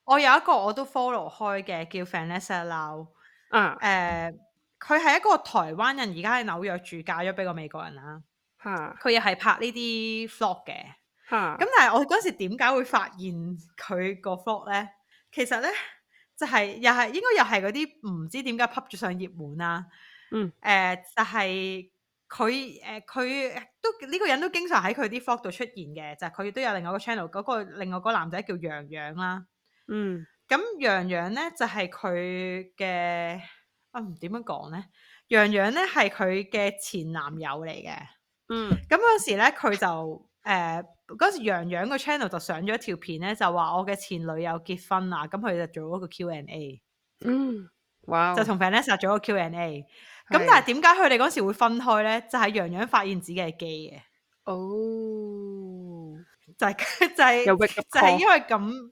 我。我有一個我都 follow 開嘅叫 Vanessa Lau，嗯，誒、呃，佢係一個台灣人，而家喺紐約住，嫁咗俾個美國人啦。嚇、嗯！佢又係拍呢啲 vlog 嘅。嚇、嗯！咁、嗯、但係我嗰時點解會發現佢個 vlog 咧？其實咧～就係又係應該又係嗰啲唔知點解 pop 住上熱門啦、啊。嗯，誒、呃、就係佢誒佢都呢、這個人都經常喺佢啲 vlog 度出現嘅，就係、是、佢都有另外一個 channel 嗰、那個另外嗰男仔叫洋洋啦，嗯，咁洋洋咧就係佢嘅啊點樣講咧？洋洋咧係佢嘅前男友嚟嘅，嗯，咁嗰時咧佢就誒。呃嗰時洋洋個 channel 就上咗條片咧，就話我嘅前女友結婚啦，咁佢就做咗個 Q&A，嗯，哇，就同 Vanessa 做咗個 Q&A，咁是但係點解佢哋嗰時會分開咧？就係洋洋發現自己係 gay 嘅，哦，就係、是、就係、是、就係、是、因為咁，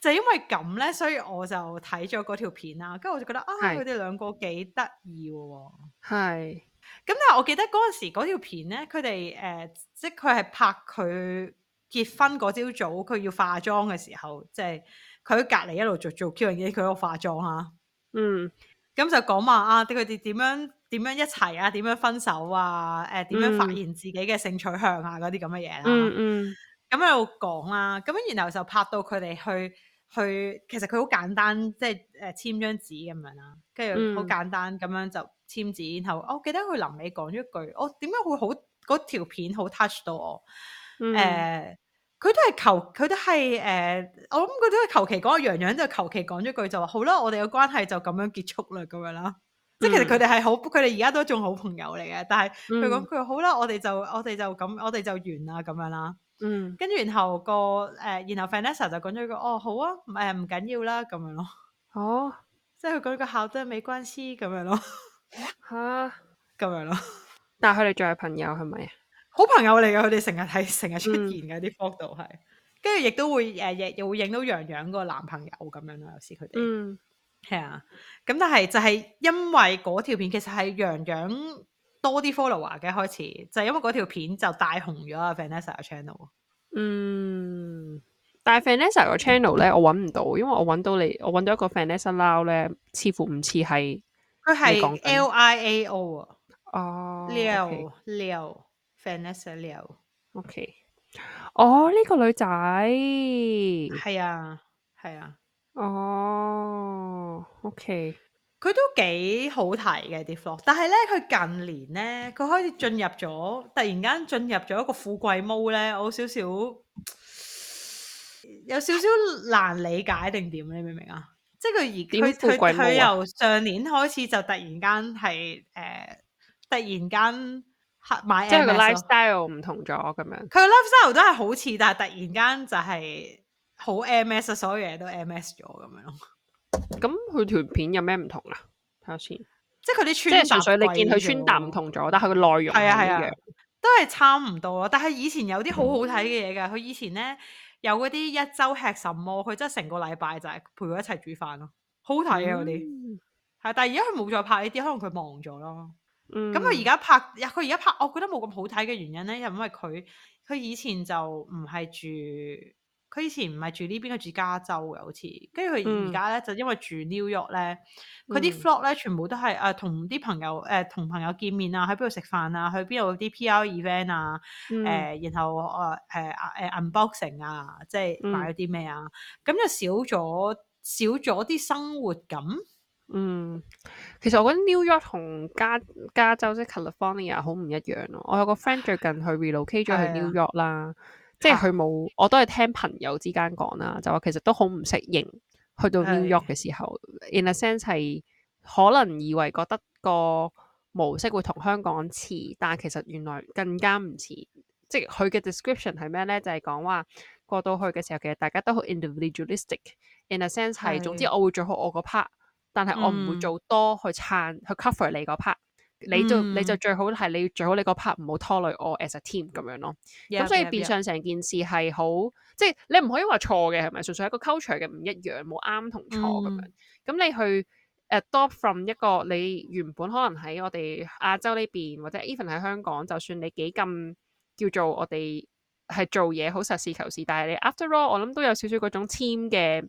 就係、因為咁咧，所以我就睇咗嗰條片啦，跟住我就覺得啊，佢哋兩個幾得意嘅，係。咁但係我記得嗰陣時嗰條片咧，佢哋誒，即係佢係拍佢結婚嗰朝早，佢要化妝嘅時候，即係佢隔離一路做做 Q 樣嘢，佢喺度化妝嚇、嗯嗯。嗯。咁就講嘛啊，啲佢哋點樣點樣一齊啊，點樣分手啊？誒，點樣發現自己嘅性取向啊？嗰啲咁嘅嘢啦。嗯，咁喺度講啦，咁然後就拍到佢哋去去，其實佢好簡單，即係誒簽張紙咁樣啦，跟住好簡單咁樣就。嗯嗯嗯。簽字，然後我記得佢臨尾講咗一句，我點解會好嗰條片好 touch 到我？誒，佢都係求佢都係誒，我諗佢都係求其講個樣樣，就求其講咗句就話好啦，我哋嘅關係就咁樣結束啦，咁樣啦。即係其實佢哋係好，佢哋而家都仲好朋友嚟嘅。但係佢講句好啦，我哋就我哋就咁，我哋就完啦，咁樣啦。嗯，跟住然後個誒，然後 Fenessa 就講咗句：哦，好啊，唔唔緊要啦，咁樣咯。哦，即係佢講個校對美關事咁樣咯。吓咁哈樣咯， 但係佢哋仲係朋友係咪？是是好朋友嚟嘅，佢哋成日睇，成日出現嘅啲幅度係，跟住亦都會誒，亦又會影到洋洋個男朋友咁樣咯，有時佢哋嗯係啊，咁但係就係因為嗰條片其實係洋洋多啲 follower 嘅開始，就係因為嗰條片就大紅咗啊，Vanessa 嘅 channel。嗯，但係 Vanessa 個 channel 咧，我搵唔到，因為我搵到你，我搵到一個 Vanessa 撈咧，似乎唔似係。佢係 Liao 啊，哦 Leo，Leo，Vanessa Leo，OK，哦，呢個女仔，係啊，係啊，哦、oh，OK，佢都幾好睇嘅啲貨，但係咧，佢近年咧，佢開始進入咗，突然間進入咗一個富貴毛咧，好少少，有少少難理解定點，你明唔明啊？即係佢而佢佢佢，由上年開始就突然間，係誒，突然間買，即係個 lifestyle 唔同咗咁樣。佢個 lifestyle 都係好似，但係突然間就係好 MS，所有嘢都 MS 咗咁樣。咁佢條片有咩唔同啊？睇下先。即係佢啲穿搭，純粹你見佢穿搭唔同咗，但係佢個內容係啊係啊，都係差唔多咯。但係以前有啲好好睇嘅嘢㗎，佢、嗯、以前咧。有嗰啲一周吃什麼，佢真係成個禮拜就係陪佢一齊煮飯咯，好睇啊嗰啲。係、嗯，但係而家佢冇再拍呢啲，可能佢忙咗咯。咁佢而家拍，佢而家拍，我覺得冇咁好睇嘅原因咧，又因為佢佢以前就唔係住。佢以前唔係住呢邊，佢住加州嘅好似，跟住佢而家咧就因為住 New York 咧，佢啲 Vlog 咧全部都係誒同啲朋友誒同、呃、朋友見面啊，喺邊度食飯啊，去邊度啲 PR event 啊、呃，誒然後誒誒誒 unboxing 啊，即係買咗啲咩啊，咁、嗯、就少咗少咗啲生活感。嗯，其實我覺得 New York 同加加州即係 California 好唔一樣咯。我有個 friend 最近去 relocate 咗去 New York 啦。即係佢冇，我都係聽朋友之間講啦，就話其實都好唔適應去到 New York 嘅時候。是 In a sense 係可能以為覺得個模式會同香港似，但係其實原來更加唔似。即係佢嘅 description 係咩咧？就係講話過到去嘅時候，其實大家都好 individualistic。In a sense 係是總之我會做好我個 part，但係我唔會做多去撐去 cover 你個 part，你就你就最好係你最好你個 part 唔好拖累我 as a team 咁樣咯，咁 Yep, 所以變相成件事係好即係你唔可以話錯嘅係咪？純粹係一個 culture 嘅唔一樣，冇啱同錯咁樣。咁、嗯、你去 adopt from 一個你原本可能喺我哋亞洲呢邊或者 even 喺香港，就算你幾咁叫做我哋係做嘢好實事求是，但係你 after all 我諗都有少少嗰種 team 嘅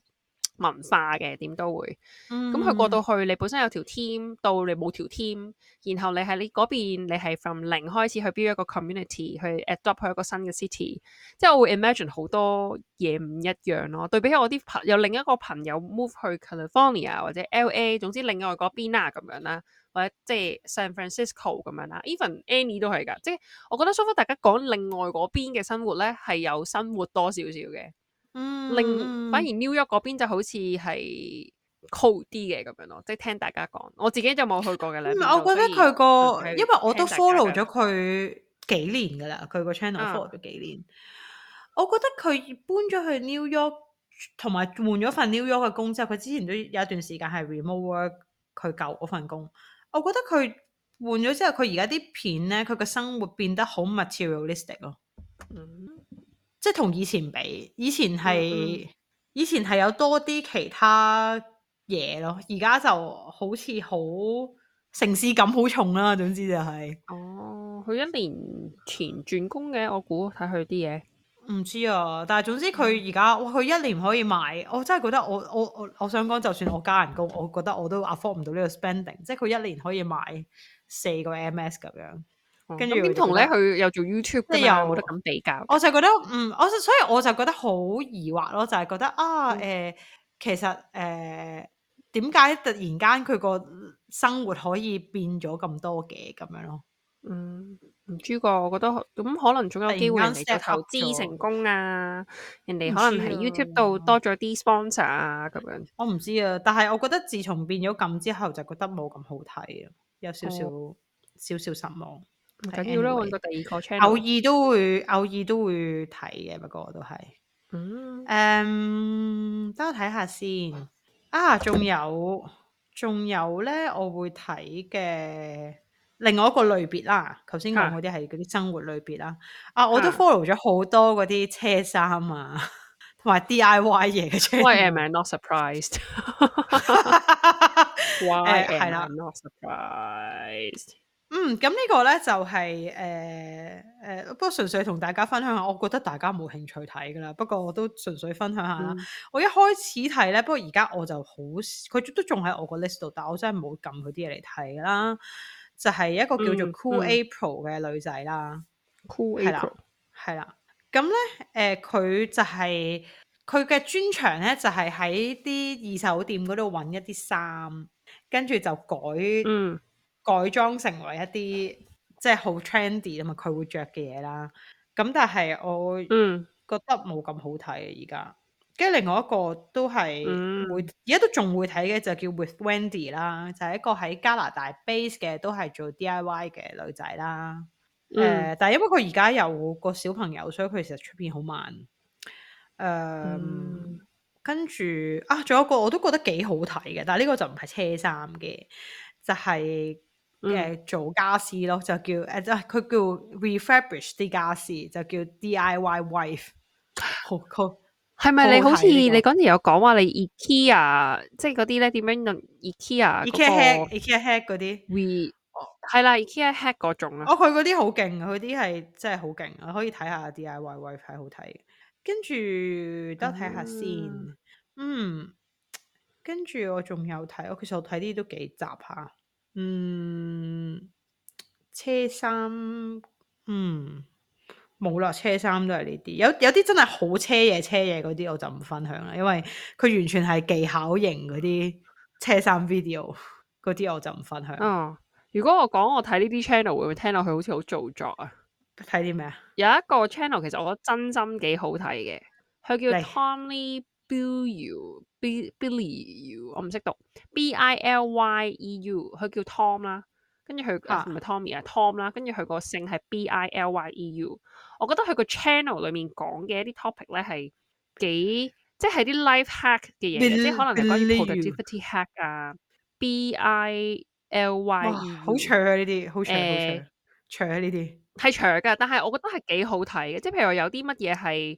文化嘅點都會，咁佢、嗯、過到去你本身有條 team，到你冇條 team，然後你喺你嗰邊，你係 from 零開始去 build 一個 community，去 adopt 去一個新嘅 city，即係我會 imagine 好多嘢唔一樣咯。對比起我啲朋友，有另一個朋友 move 去 California 或者 LA，總之另外嗰邊啊咁樣啦，或者即係 San Francisco 咁樣啦，even Annie 都係噶。即係我覺得 so far 大家講另外嗰邊嘅生活咧，係有生活多少少嘅。嗯，令反而 New York 嗰邊就好似係酷啲嘅咁樣咯，即係聽大家講，我自己就冇去過嘅咧。唔、嗯，我覺得佢個，因為我都 follow 咗佢幾年噶啦，佢個 channel follow 咗幾年。我覺得佢搬咗去 New York，同埋換咗份 New York 嘅工之後，佢之前都有一段時間係 remote work 佢舊嗰份工。我覺得佢換咗之後，佢而家啲片咧，佢個生活變得好 materialistic 咯。嗯即係同以前比，以前係、嗯嗯、以前係有多啲其他嘢咯，而家就好似好，城市感好重啦。總之就係、是。哦，佢一年前轉工嘅，我估睇佢啲嘢。唔知啊，但係總之佢而家，哇！佢一年可以買，我真係覺得我我我我想講，就算我加人工，我覺得我都 afford 唔到呢個 spending。即係佢一年可以買四個 MS 咁樣。嗯、後跟住點同咧？佢又做 YouTube，即係又冇有得咁比較。我就覺得嗯，我所以我就覺得好疑惑咯，就係、是、覺得啊誒、嗯呃，其實誒點解突然間佢個生活可以變咗咁多嘅咁樣咯？嗯，唔知、啊、我覺得咁可能仲有機會投資成功啊。人哋可能喺 YouTube 度多咗啲 sponsor 啊，咁樣我唔知啊。樣知但係我覺得自從變咗咁之後，就覺得冇咁好睇啊，有少少，哦、少少少少失望。唔緊要啦，換個第二個 channel。偶爾都會，偶爾都會睇嘅，不過我都係，嗯，誒，um, 等我睇下先。嗯、啊，仲有，仲有咧，我會睇嘅另外一個類別啦。頭先講嗰啲係嗰啲生活類別啦。啊，啊，我都 follow 咗好多嗰啲車衫啊，同埋 DIY 嘢嘅 channel。Why am I not surprised？Why 係啦？Not surprised。 嗯，咁呢個咧就係誒誒，不過純粹同大家分享下，我覺得大家冇興趣睇噶啦。不過我都純粹分享下啦。嗯、我一開始睇咧，不過而家我就好少，佢都仲喺我個 list 度，但我真係冇撳佢啲嘢嚟睇啦。就係、是、一個叫做 Cool、嗯嗯、April 嘅女仔啦，Cool April 係啦，咁咧誒，佢 April、呃、就係佢嘅專長咧，就係喺啲二手店嗰度揾一啲衫，跟住就改。嗯改裝成為一啲即係好 trendy 吖嘛，佢會着嘅嘢啦，咁但係我覺得冇咁好睇而家。跟住、嗯、另外一個都係會，而家都仲會睇嘅就叫 With Wendy 啦，就係、是、一個喺加拿大 base 嘅都係做 DIY 嘅女仔啦。誒、嗯呃，但係因為佢而家有個小朋友，所以佢其實出邊好慢。誒、呃，嗯、跟住啊，仲有一個我都覺得幾好睇嘅，但係呢個就唔係車衫嘅，就係、是。嘅、嗯、做家私咯，就叫誒，即係佢叫 refurbish 啲家私，就叫 D I Y wife 好。好，係咪你好似、這個、你嗰陣有講話你 IKEA，即係嗰啲咧點樣用 IKEA？IKEA、那個、hack，IKEA hack 嗰啲，We 係啦，IKEA hack 嗰種啊。哦，佢嗰啲好勁啊，佢啲係真係好勁啊，可以睇下 D I Y wife 係好睇。跟住得睇下先，嗯，跟住、嗯、我仲有睇，我其實我睇啲都幾雜下。嗯，車衫，嗯，冇咯，車衫都係呢啲，有有啲真係好車嘢，車嘢嗰啲我就唔分享啦，因為佢完全係技巧型嗰啲車衫 video 嗰啲我就唔分享。嗯、哦，如果我講我睇呢啲 channel 會唔會聽落去好似好做作啊？睇啲咩啊？有一個 channel 其實我覺得真心幾好睇嘅，佢叫 Tommy。You, b, b, you, b i l l B i l l y、e、U，我唔識讀 B I L Y E U，佢叫 Tom 啦，跟住佢唔係 Tommy 啊 ommy, Tom 啦，跟住佢個姓係 B I L Y E U。我覺得佢個 channel 裏面講嘅一啲 topic 咧係幾，即係啲 life hack 嘅嘢，即係可能關於 productivity hack 啊。B I L Y 好長啊呢啲，好長好、欸、長，長，長啊呢啲係長噶，但係我覺得係幾好睇嘅，即係譬如有啲乜嘢係。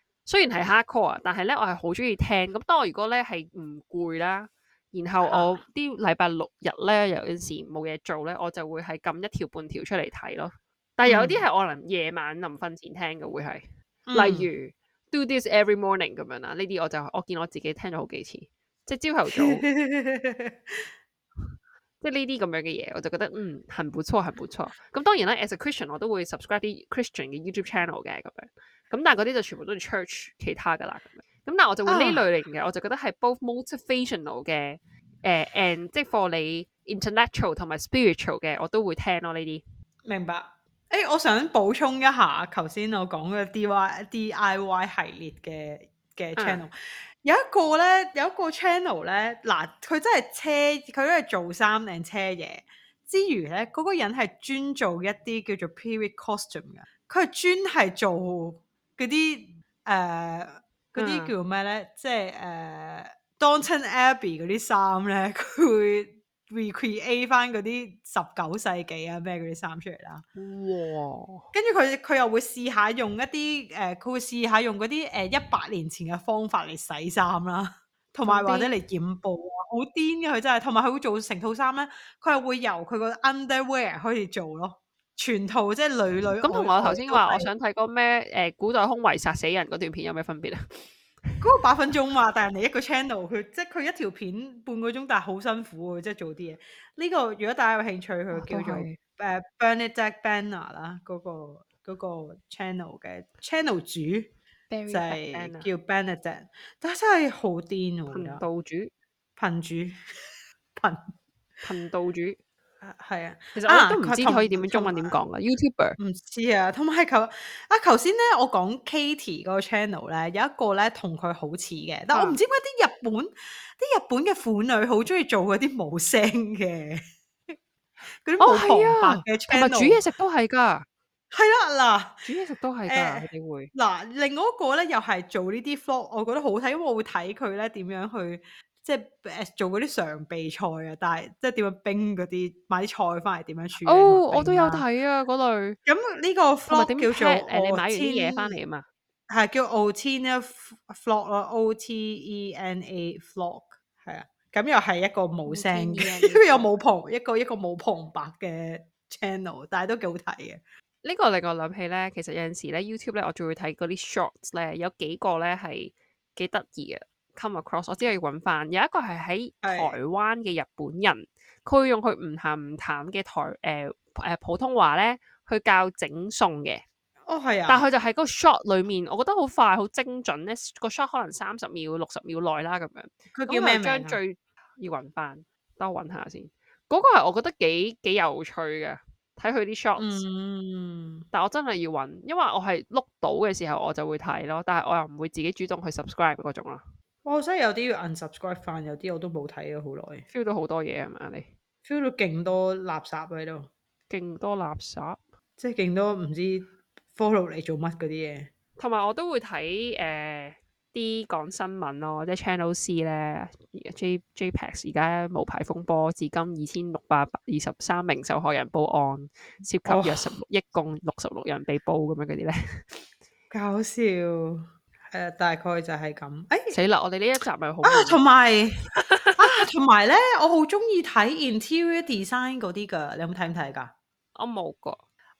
雖然係 hardcore，但係咧我係好中意聽。咁當我如果咧係唔攰啦，然後我啲禮拜六日咧，有陣時冇嘢做咧，我就會係撳一條半條出嚟睇咯。但係有啲係我能夜晚臨瞓前聽嘅，會係例如，嗯、do this every morning 咁樣啦。呢啲我就我見我自己聽咗好幾次，即係朝頭早， 即係呢啲咁樣嘅嘢，我就覺得嗯，係唔錯，係唔錯。咁當然啦 as a Christian，我都會 subscribe 啲 Christian 嘅 YouTube channel 嘅咁樣。咁但係嗰啲就全部都係 church 其他㗎啦，咁樣。咁但係我就會呢類型嘅，啊、我就覺得係 both motivational 嘅，誒誒、啊，and, 即係 for 你 intellectual 同埋 spiritual 嘅，我都會聽咯呢啲。明白。誒、欸，我想補充一下頭先我講嘅 DIY DIY 系列嘅嘅 channel，有一個咧有一個 channel 咧，嗱佢真係車佢都係做衫 and 車嘢之餘咧，嗰、那個人係專做一啲叫做 period costume 嘅，佢係專係做。嗰啲誒嗰啲叫咩咧？嗯、即係誒 Downton Abbey 嗰啲衫咧，佢、呃、會 recreate 翻嗰啲十九世紀啊咩嗰啲衫出嚟啦。哇！跟住佢佢又會試下用一啲誒，佢、呃、會試下用嗰啲誒一百年前嘅方法嚟洗衫啦，同埋或者嚟染布啊！好癲嘅佢真係，同埋佢會做成套衫咧，佢係會由佢個 underwear 開始做咯。全套即係女女咁，同埋、嗯、我頭先話，我想睇個咩誒古代胸圍殺死人嗰段片有咩分別 啊？嗰個八分鐘嘛，但係你一個 channel 佢即係佢一條片半個鐘，但係好辛苦即係做啲嘢。呢、這個如果大家有興趣，佢叫做誒 Bernadette Banner 啦，嗰、哦呃那個嗰、那個 channel 嘅 channel 主 Berry 就係叫 Bernadette，ad ad 但係真係好癲啊！道主頻主頻頻道主。 係啊，其實我都唔知、啊、可以點樣中文點講噶。YouTuber 唔知啊，同埋頭啊，頭先咧我講 Katy 嗰個 channel 咧，有一個咧同佢好似嘅，但係我唔知點解啲日本啲、啊、日本嘅婦女好中意做嗰啲無聲嘅，嗰啲冇紅白嘅 channel，同埋、哦啊、煮嘢食都係噶，係、 啊、啦嗱，煮嘢食都係噶，佢、啊、會嗱、啊、另外一個咧又係做呢啲 vlog，我覺得好睇，因為我會睇佢咧點樣去。即係誒，做嗰啲常備菜，菜、oh, 啊，但係即係點樣冰嗰啲，買啲菜翻嚟點樣處理？哦，我都有睇啊，嗰類。咁呢、嗯這個 flow 叫做誒，ten 你買嘢翻嚟啊嘛，係叫 Otena Vlog 咯，O, log, o T E N A Vlog 係啊。咁又係一個冇聲嘅，因為 又冇旁一個一個冇旁白嘅 channel，但係都幾好睇嘅。呢個令我諗起咧，其實有陣時咧 YouTube 咧，我仲會睇嗰啲 shorts 咧，有幾個咧係幾得意嘅。come across，我知我要揾翻。有一個係喺台灣嘅日本人，佢的用佢唔鹹唔淡嘅台誒誒、呃、普通話咧，去教整餸嘅。哦，係啊。但佢就喺嗰個 shot 裏面，我覺得好快、好精準，咧、那，個 shot 可能三十秒、六十秒內啦，咁樣。佢叫咩名啊？最要揾翻，等我揾下先。嗰、那個係我覺得幾幾有趣嘅，睇佢啲 shot。嗯。但我真係要揾，因為我係碌到嘅時候我就會睇咯，但係我又唔會自己主動去 subscribe 嗰種我真係有啲 unsubscribe 有啲我都冇睇咗好耐。feel 到好多嘢係嘛你？feel 到勁多垃圾喺度，勁多垃圾，即係勁多唔知 follow 你做乜嗰啲嘢。同埋我都會睇誒啲講新聞咯，即係 Channel C 咧，JPEX 而家無牌風波，至今二千六百二十三名受害人報案，涉及約十六億，共六十六人被捕咁樣嗰啲咧。 搞笑。誒、uh，大概就係咁。誒死啦！我哋呢一集咪好啊，同埋 啊，同埋咧，我好中意睇 interior design 嗰啲噶。你有冇睇唔睇噶？我冇 噶。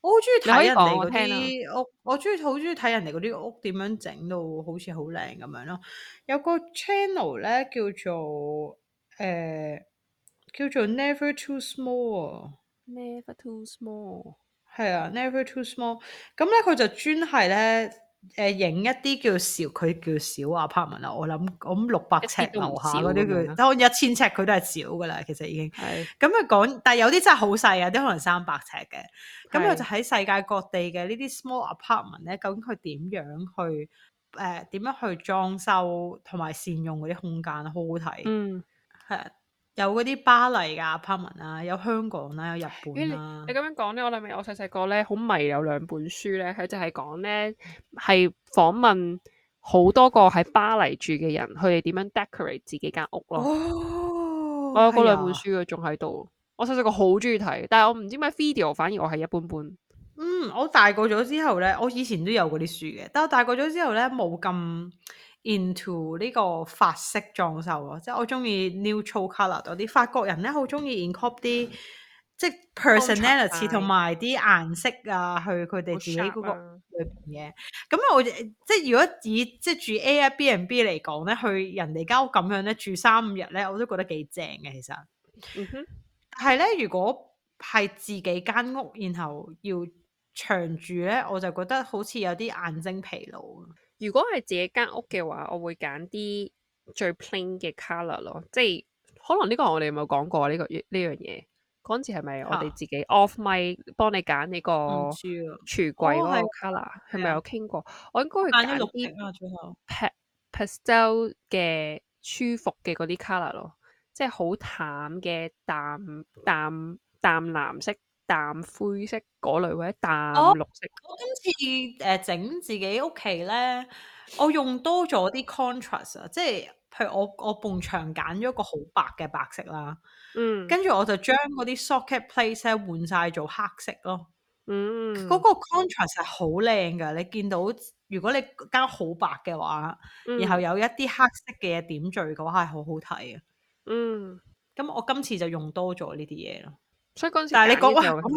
我好中意睇人哋嗰啲屋，我中意好中意睇人哋嗰啲屋點樣整到好似好靚咁樣咯。有個 channel 咧叫做誒、欸、叫做 Never Too Small。Never Too Small 係啊，Never Too Small、嗯。咁咧佢就專係咧。誒，影、呃、一啲叫小，佢叫小 apartment 啦。我諗，咁六百尺樓下嗰啲叫，當然一千尺佢都係少噶啦。其實已經，咁佢係講，但係有啲真係好細啊，啲可能三百尺嘅。咁佢就喺世界各地嘅呢啲 small apartment 咧，究竟佢點樣去誒，點、呃、樣去裝修同埋善用嗰啲空間，好好睇。嗯，係啊。有嗰啲巴黎噶 apartment 有香港啦、啊，有日本、啊、你咁樣講咧，我諗我細細個咧好迷有兩本書咧，佢就係講咧係訪問好多個喺巴黎住嘅人，佢哋點樣 decorate 自己間屋咯。我有嗰兩本書，佢仲喺度。我細細個好中意睇，但係我唔知點 video 反而我係一般般。嗯，我大個咗之後咧，我以前都有嗰啲書嘅，但係大個咗之後咧冇咁。into 呢個法式裝修咯，即係我中意 neutral color 嗰啲。法國人咧，好中意 incorporate 啲即係 personality 同埋啲顏 色啊，去佢哋自己嗰個裏邊嘅。咁 我即係如果以即係住 Airbnb 嚟講咧，去人哋間屋咁樣咧住三五日咧，我都覺得幾正嘅。其實，嗯哼、mm，hmm. 但係咧，如果係自己間屋，然後要長住咧，我就覺得好似有啲眼睛疲勞。如果係自己間屋嘅話，我會揀啲最 plain 嘅 color 咯，即係可能呢個我哋有冇講過呢、這個呢樣嘢？嗰陣時係咪我哋自己 off mic 幫、啊、你揀呢個櫥櫃嗰個 color 係咪有傾過？嗯、我應該揀啲綠色啊，最後 pa, pastel 嘅舒服嘅嗰啲 color 咯，即係好淡嘅淡淡淡藍，藍色。淡灰色嗰類或者淡綠色。哦、我今次誒整、呃、自己屋企咧，我用多咗啲 contrast 啊，即係譬如我我埲牆揀咗個好白嘅白色啦，嗯，跟住我就將嗰啲 socket plates 咧，換晒做黑色咯，嗯、嗯，嗰個 contrast 係好靚噶，你見到如果你間好白嘅話，嗯、然後有一啲黑色嘅嘢點綴嘅話係好好睇嘅，嗯，咁、嗯、我今次就用多咗呢啲嘢咯。所以陣時、那個那個，但係你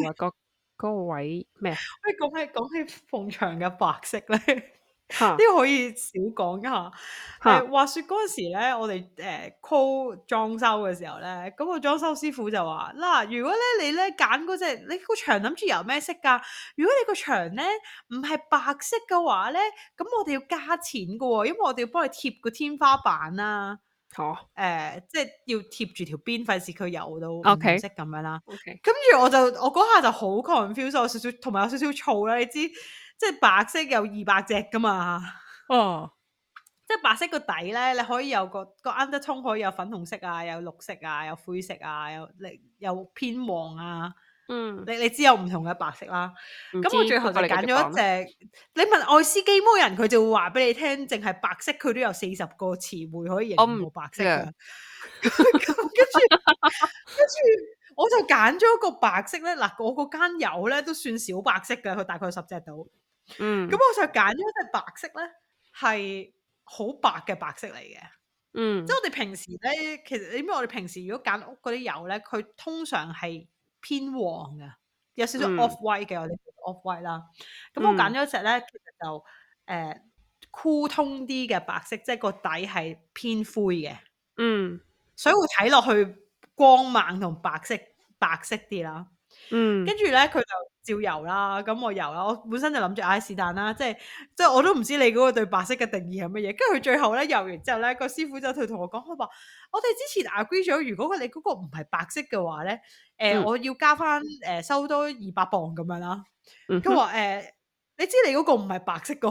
講開個位咩？喂，講起講起縫牆嘅白色咧，呢 哈 個可以少講一下。誒哈，話說嗰陣時咧，我哋誒 call 裝修嘅時候咧，咁、那個裝修師傅就話：嗱，如果咧你咧揀嗰隻你個牆諗住油咩色噶？如果你個牆咧唔係白色嘅話咧，咁我哋要加錢噶、哦，因為我哋要幫你貼個天花板啦、啊。哦，誒，uh, 即係要貼住條邊，費事佢有都唔識咁樣啦。OK，okay. 跟住我就我嗰下就好 confused，我有少少，同埋有，有少少躁啦。你知即係白色有二百隻㗎嘛？哦，oh. 即係白色個底咧，你可以有個個 undertone，可以有粉紅色啊，有綠色啊，有灰色啊，有另有偏黃啊。嗯，你你知有唔同嘅白色啦，咁我最後就揀咗一隻。你問愛斯基摩人，佢就會話俾你聽，淨係白色佢都有四十個詞彙可以形容白色嘅。跟住跟住， 我就揀咗一個白色咧。嗱、呃，我嗰間油咧都算小白色嘅，佢大概十隻到。嗯，咁我就揀咗一隻白色咧，係好白嘅白色嚟嘅。嗯，嗯即係我哋平時咧，其實你知我哋平時如果揀屋嗰啲油咧，佢通常係。偏黃嘅，有少少 off white 嘅，嗯、我哋叫 off white 啦。咁我揀咗一隻咧，其實就誒酷、呃、通啲嘅白色，即係個底係偏灰嘅。嗯，所以會睇落去光猛同白色白色啲啦。嗯，跟住咧佢就，照油啦，咁我油啦。我本身就諗住挨是但啦，即係即係我都唔知你嗰個對白色嘅定義係乜嘢。跟住佢最後咧油完之後咧，個師傅就同同我講，佢話我哋之前 agree 咗，如果佢你嗰個唔係白色嘅話咧，誒、呃嗯、我要加翻誒、呃、收多二百磅咁樣啦。佢話誒，你知你嗰個唔係白色噶，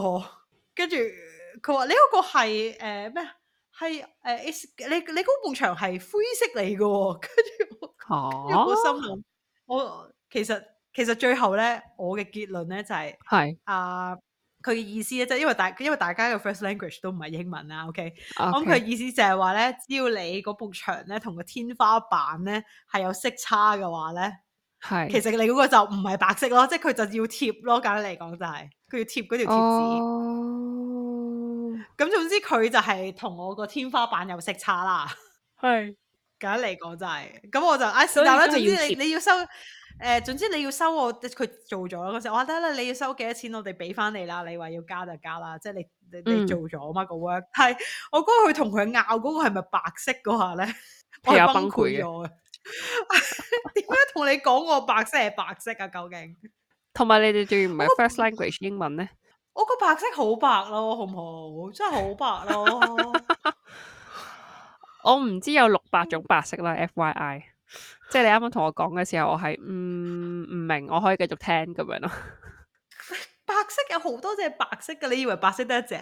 跟住佢話你嗰個係誒咩啊？係誒，S 你你嗰半牆係灰色嚟噶。跟住我一個心諗，我其實。其實最後咧，我嘅結論咧就係、是，係啊是，佢嘅、呃、意思咧就是、因為大，因為大家嘅 first language 都唔係英文啦，OK，咁佢 Okay.、嗯、意思就係話咧，只要你嗰幅牆咧同個天花板咧係有色差嘅話咧，係是，其實你嗰個就唔係白色咯，即係佢就要貼咯，簡單嚟講就係、是，佢要貼嗰條貼紙。咁、哦、總之佢就係同我個天花板有色差啦。係是，簡單嚟講就係、是，咁我就啊，嗱啦、哎，總之你你要收。誒、呃，總之你要收我，佢做咗嗰時，我話得啦，你要收幾多錢，我哋俾翻你啦。你話要加就加啦，即係你你做咗啊嘛個 work。係，我嗰日去同佢拗嗰個係咪白色嗰下咧？我崩潰咗啊！點解同你講我白色係白色啊？究竟？同埋你哋仲要唔係 first language 英文咧？我個白色好白咯，好唔好？真係好白咯！ 我唔知有六百種白色啦，FYI。FY 即係你啱啱同我講嘅時候，我係唔唔明，我可以繼續聽咁樣咯。白色有好多隻白色嘅，你以為白色得一隻？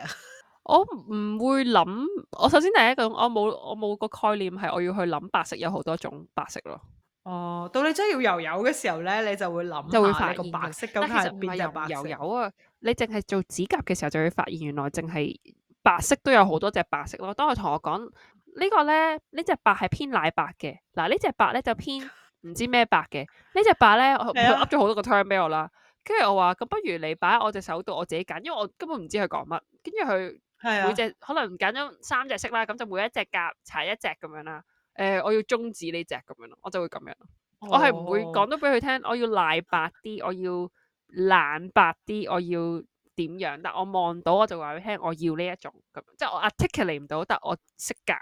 我唔會諗，我首先第一個，我冇我冇個概念係我要去諗白色有好多種白色咯。哦，到你真係要油油嘅時候咧，你就會諗就會發現個白色，但係其實面就油油啊。你淨係做指甲嘅時候，就會發現原來淨係白色都有好多隻白色咯。當我同我講。個呢個咧，呢隻白係偏奶白嘅，嗱呢隻白咧就偏唔知咩白嘅，呢隻白咧我噏咗好多個 term 俾我啦，跟住我話，咁不如你擺喺我隻手度，我自己揀，因為我根本唔知佢講乜，跟住佢每隻 可能揀咗三隻色啦，咁就每一隻夾踩一隻咁樣啦，誒、呃、我要中指呢隻咁樣咯，我就會咁樣，oh。我係唔會講得俾佢聽，我要奶白啲，我要冷白啲，我要。點樣？但我望到我就話俾你聽，我要呢一種咁，即係我 article 嚟唔到，但我識揀，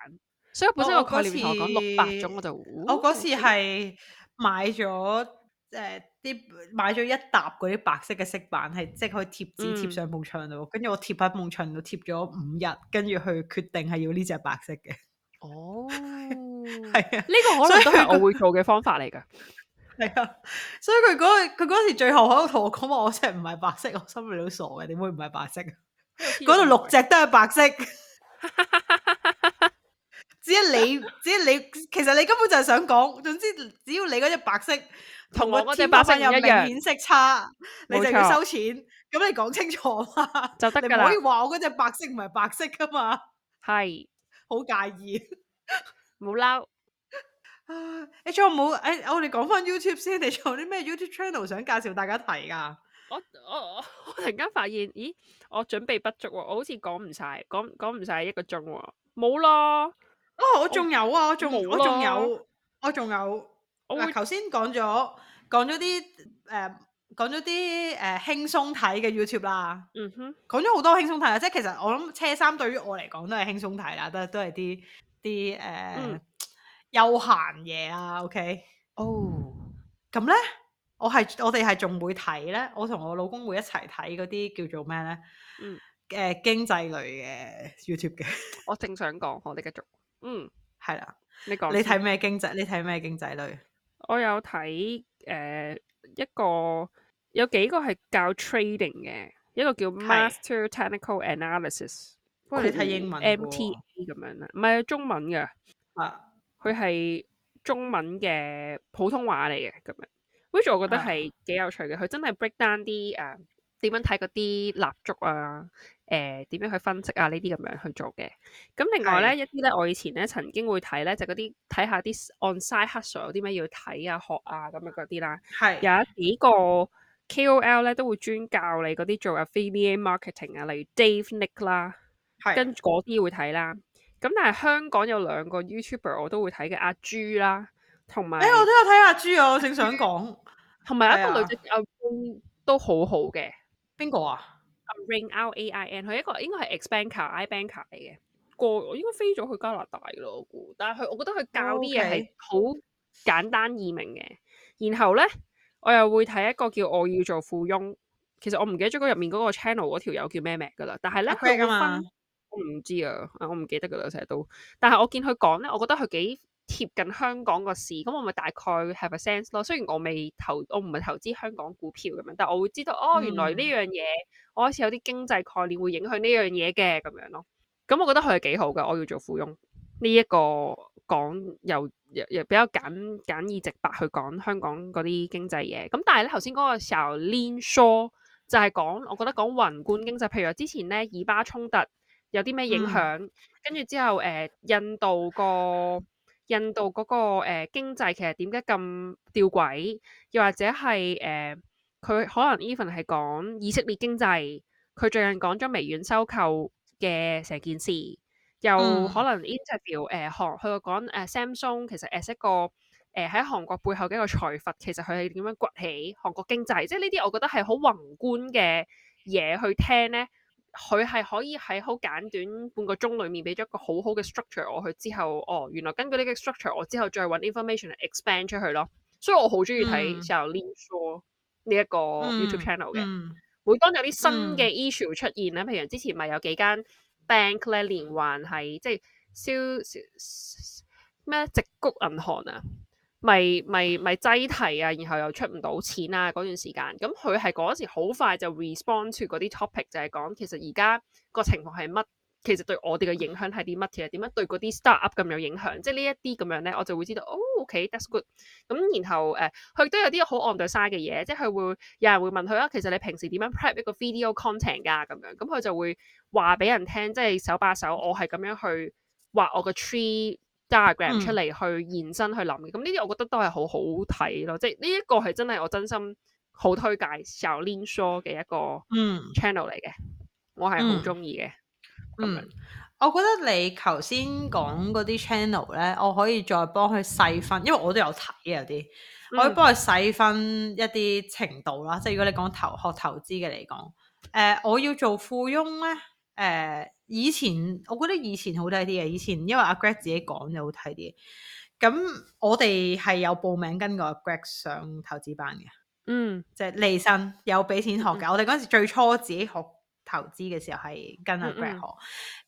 所以我本身我概念同講六百種，我，次我就、哦、我嗰時係買咗誒啲買咗一沓嗰啲白色嘅色板，係即係可以貼紙貼上布牆度，跟住、嗯、我貼喺布牆度貼咗五日，跟住去決定係要呢隻白色嘅。哦，係 啊，呢個可能都係我會做嘅方法嚟㗎。係啊， 所以佢嗰佢嗰時最後喺度同我講話，我隻唔係白色，我心裏都傻嘅，點會唔係白色？嗰度六隻都係白色，只係你只係你，其實你根本就係想講，總之只要你嗰隻白色同我嗰隻白色有明顯色差，色 你就要收錢，咁你講清楚 嘛，就得，你唔可以話我嗰隻白色唔係白色噶嘛，係，好介意，冇 撈。啊！你仲、哎、有冇？誒、哎，我哋講翻 YouTube 先，你仲有啲咩 YouTube channel 想介紹大家睇㗎？我我 我突然間發現，咦？我準備不足喎，我好似講唔晒，講講唔晒一個鐘喎，冇咯。哦，我仲有啊，哦、我仲還我仲有，我仲有。嗱會，頭先講咗講咗啲誒，講咗啲誒輕鬆睇嘅 YouTube 啦。呃呃、you 嗯哼。講咗好多輕鬆睇啦，即係其實我諗車衫對於我嚟講都係輕鬆睇啦，都都係啲啲誒。休閒嘢啊，OK，哦，咁咧，我係我哋係仲會睇咧，我同我,我老公會一齊睇嗰啲叫做咩咧？嗯，誒、呃，經濟類嘅 YouTube 嘅。我正想講，我哋繼續。嗯，係啦的，你講，你睇咩經濟？你睇咩經濟類？我有睇誒、呃，一個有幾個係教 trading 嘅，一個叫 Master Technical Analysis，不過的、哦、你睇英文 MTA 咁樣啦，唔係中文嘅啊。啊佢係中文嘅普通話嚟嘅咁樣，which 我覺得係幾有趣嘅。佢、uh, 真係 break down 啲誒點樣睇嗰啲蠟燭啊，誒、呃、點樣去分析啊呢啲咁樣去做嘅。咁另外咧、uh, 一啲咧我以前咧曾經會睇咧就嗰啲睇下啲 on site hustle 有啲咩要睇啊學啊咁樣嗰啲啦。係、uh, 有一幾個 KOL 咧都會專教你嗰啲做 FBA marketing 啊，例如 Dave Nick 啦，uh. uh. 跟嗰啲會睇啦。咁但係香港有兩個 YouTuber 我都會睇嘅，阿豬啦，同埋誒我都有睇阿豬啊，我正想講，同埋一個女仔阿 r 都好好嘅。邊個啊？Ring R A I N，佢一個應該係 Ex Banker、er, I Banker 嚟嘅，過、er、應該飛咗去加拿大咯。但係佢我覺得佢教啲嘢係好簡單易明嘅。Okay. 然後咧，我又會睇一個叫我要做富翁，其實我唔記得咗入面嗰個 channel 嗰條友叫咩名噶啦。但係咧佢唔知啊，我唔記得噶啦，成日都。但係我見佢講咧，我覺得佢幾貼近香港個事咁，我咪大概 have a sense 咯。雖然我未投，我唔係投資香港股票咁樣，但係我會知道、嗯、哦。原來呢樣嘢，我好似有啲經濟概念會影響呢樣嘢嘅咁樣咯。咁、嗯、我覺得佢係幾好嘅。我要做富翁呢一、這個講又又又比較簡簡易直白去講香港嗰啲經濟嘢。咁、嗯、但係咧頭先嗰個時候小 Lin 說就係講，我覺得講宏觀經濟，譬如話之前咧以巴衝突。有啲咩影響？跟住、嗯、之後，誒、呃、印度、那個印度嗰、那個誒、呃、經濟其實點解咁吊詭？又或者係誒佢可能 even 係講以色列經濟，佢最近講咗微軟收購嘅成件事，嗯、又可能 interview 誒韓佢講、呃、誒 Samsung 其實 as 一個誒喺、呃、韓國背後嘅一個財閥，其實佢係點樣崛起韓國經濟？即係呢啲我覺得係好宏觀嘅嘢去聽咧。佢係可以喺好簡短半個鐘裏面俾咗一個好好嘅 structure 我去之後，哦，原來根據呢個 structure，我之後再揾 information expand 出去咯。所以我好中意睇小 Lin 說呢一個 YouTube channel 嘅。嗯嗯、每當有啲新嘅 issue 出現咧，譬、嗯、如之前咪有幾間 bank 咧連環係即係消咩直谷銀行啊。咪咪咪擠提啊，然後又出唔到錢啊，嗰段時間，咁佢係嗰時好快就 respond 住嗰啲 topic，就係講其實而家個情況係乜，其實對我哋嘅影響係啲乜嘢，點樣對嗰啲 startup 咁有影響，即係呢一啲咁樣咧，我就會知道，哦 OK that's good，咁、嗯、然後誒，佢、呃、都有啲好 o n t h e s i d e 嘅嘢，即係佢會有人會問佢啊，其實你平時點樣 prep 一個 video content 噶、啊？咁樣，咁、嗯、佢、嗯、就會話俾人聽，即係手把手，我係咁樣去畫我個 tree。Diagram 出嚟去延伸去諗嘅，咁呢啲我覺得都係好好睇咯，即係呢一個係真係我真心好推介 Sharon Shaw 嘅一個 channel 嚟嘅，我係好中意嘅。咁、嗯嗯、我覺得你頭先講嗰啲 channel 咧，我可以再幫佢細分，因為我都有睇有啲，我可以幫佢細分一啲程度啦。嗯、即係如果你講投學投資嘅嚟講，誒、呃，我要做富翁咧，誒、呃。以前我覺得以前好睇啲嘅，以前因為阿 Greg 自己講就好睇啲。咁我哋係有報名跟過阿 Greg 上投資班嘅，嗯，即係利申有俾錢學嘅。嗯、我哋嗰陣時最初自己學投資嘅時候係跟阿 Greg 學。咁、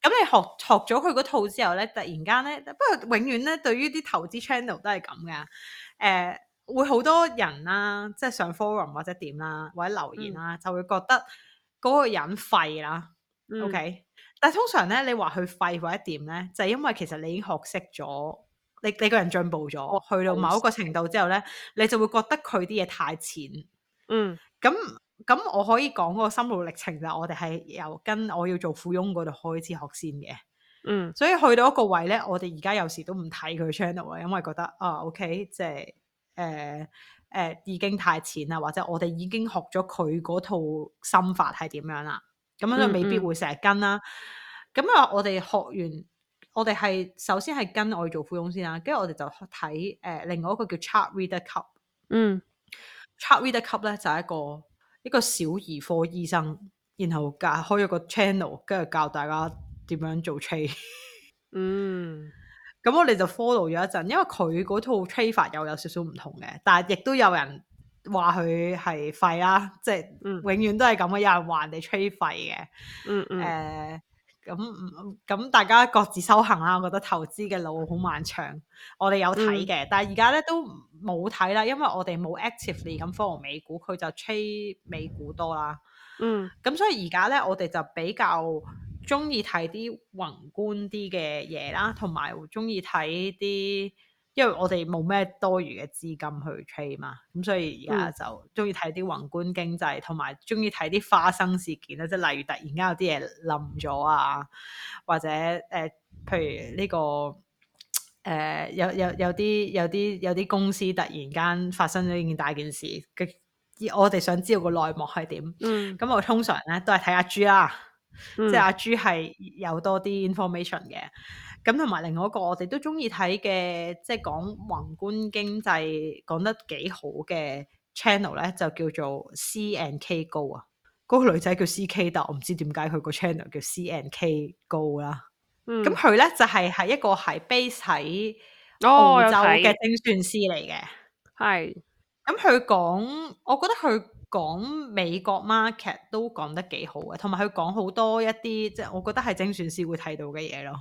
嗯嗯、你學學咗佢嗰套之後咧，突然間咧，不過永遠咧，對於啲投資 channel 都係咁㗎。誒、呃，會好多人啦、啊，即係上 forum 或者點啦，或者留言啦、啊，嗯、就會覺得嗰個人廢啦。嗯、OK。但係通常咧，你話佢廢或者點咧，就係因為其實你已經學識咗，你你個人進步咗，去到某一個程度之後咧，你就會覺得佢啲嘢太淺。嗯，咁咁我可以講個心路歷程就我哋係由跟我要做富翁嗰度開始學先嘅。嗯，所以去到一個位咧，我哋而家有時都唔睇佢 channel 啊，因為覺得啊，OK，即係誒誒已經太淺啦，或者我哋已經學咗佢嗰套心法係點樣啦。咁樣就未必會成日跟啦。咁啊、嗯嗯，我哋學完，我哋係首先係跟我去做副總先啦。跟住我哋就睇誒、呃、另外一個叫 Chart Reader Cup，Chart Reader Cup 嗯，Chart Reader Cup 咧就係、是、一個一個小兒科醫生，然後架開咗個 channel，跟住教大家點樣做 train 嗯，咁我哋就 follow 咗一陣，因為佢嗰套 train 法又有少少唔同嘅，但係亦都有人。話佢係廢啦，即係、嗯、永遠都係咁啊！有人話你吹廢嘅。嗯嗯，誒、uh,，咁咁大家各自修行啦。我覺得投資嘅路好漫長，我哋有睇嘅，嗯、但係而家咧都冇睇啦，因為我哋冇 actively 咁 follow 美股，佢就吹美股多啦。嗯，咁所以而家咧，我哋就比較中意睇啲宏觀啲嘅嘢啦，同埋中意睇啲。因為我哋冇咩多餘嘅資金去 trade 嘛，咁所以而家就中意睇啲宏觀經濟，同埋中意睇啲花生事件啦，即係例如突然間有啲嘢冧咗啊，或者誒、呃，譬如呢、這個誒、呃、有有有啲有啲有啲公司突然間發生咗呢件大件事，我哋想知道個內幕係點。咁、嗯、我通常咧都係睇阿朱啦，嗯、即係阿朱係有多啲 information 嘅。咁同埋另外一個我哋都中意睇嘅，即係講宏觀經濟講得幾好嘅 channel 咧，就叫做 C n K 高啊。嗰、那個女仔叫，叫 C K，但係我唔知點解佢個 channel 叫 C n K 高 o 啦。咁佢咧就係、是、喺一個係 base 喺澳洲嘅精算師嚟嘅。係、哦。咁佢講，我覺得佢講美國 market 都講得幾好嘅，同埋佢講好多一啲即係我覺得係精算師會睇到嘅嘢咯。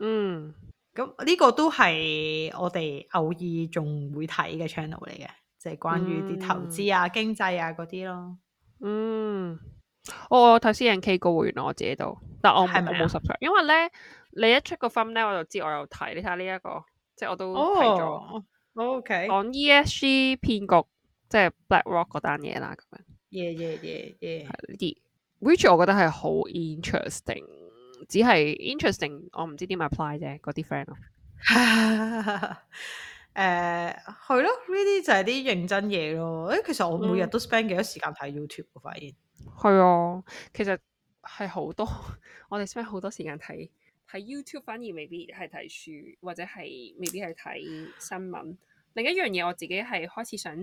嗯，咁呢個都係我哋偶爾仲會睇嘅 channel 嚟嘅，即係關於啲投資啊、嗯、經濟啊嗰啲咯。嗯，oh, 我我先 C N K 高，原來我自己都，但係我冇冇 subscribe，因為咧你一出個分咧，我就知我有睇。你睇下呢一個，即係我都睇咗。Oh, OK，講 E S G 騙局，即係 Black Rock 嗰單嘢啦，咁樣。耶耶耶耶，yeah，係呢啲，which 我覺得係好 interesting。只係 interesting，我唔知點 apply 啫，嗰啲 friend 咯。誒，係咯，呢啲就係啲認真嘢咯。誒，其實我每日都 spend 幾多時間睇 YouTube，啊、我發現係啊。其實係好多，我哋 spend 好多時間睇睇 YouTube，反而未必係睇書，或者係未必係睇新聞。另一樣嘢，我自己係開始想，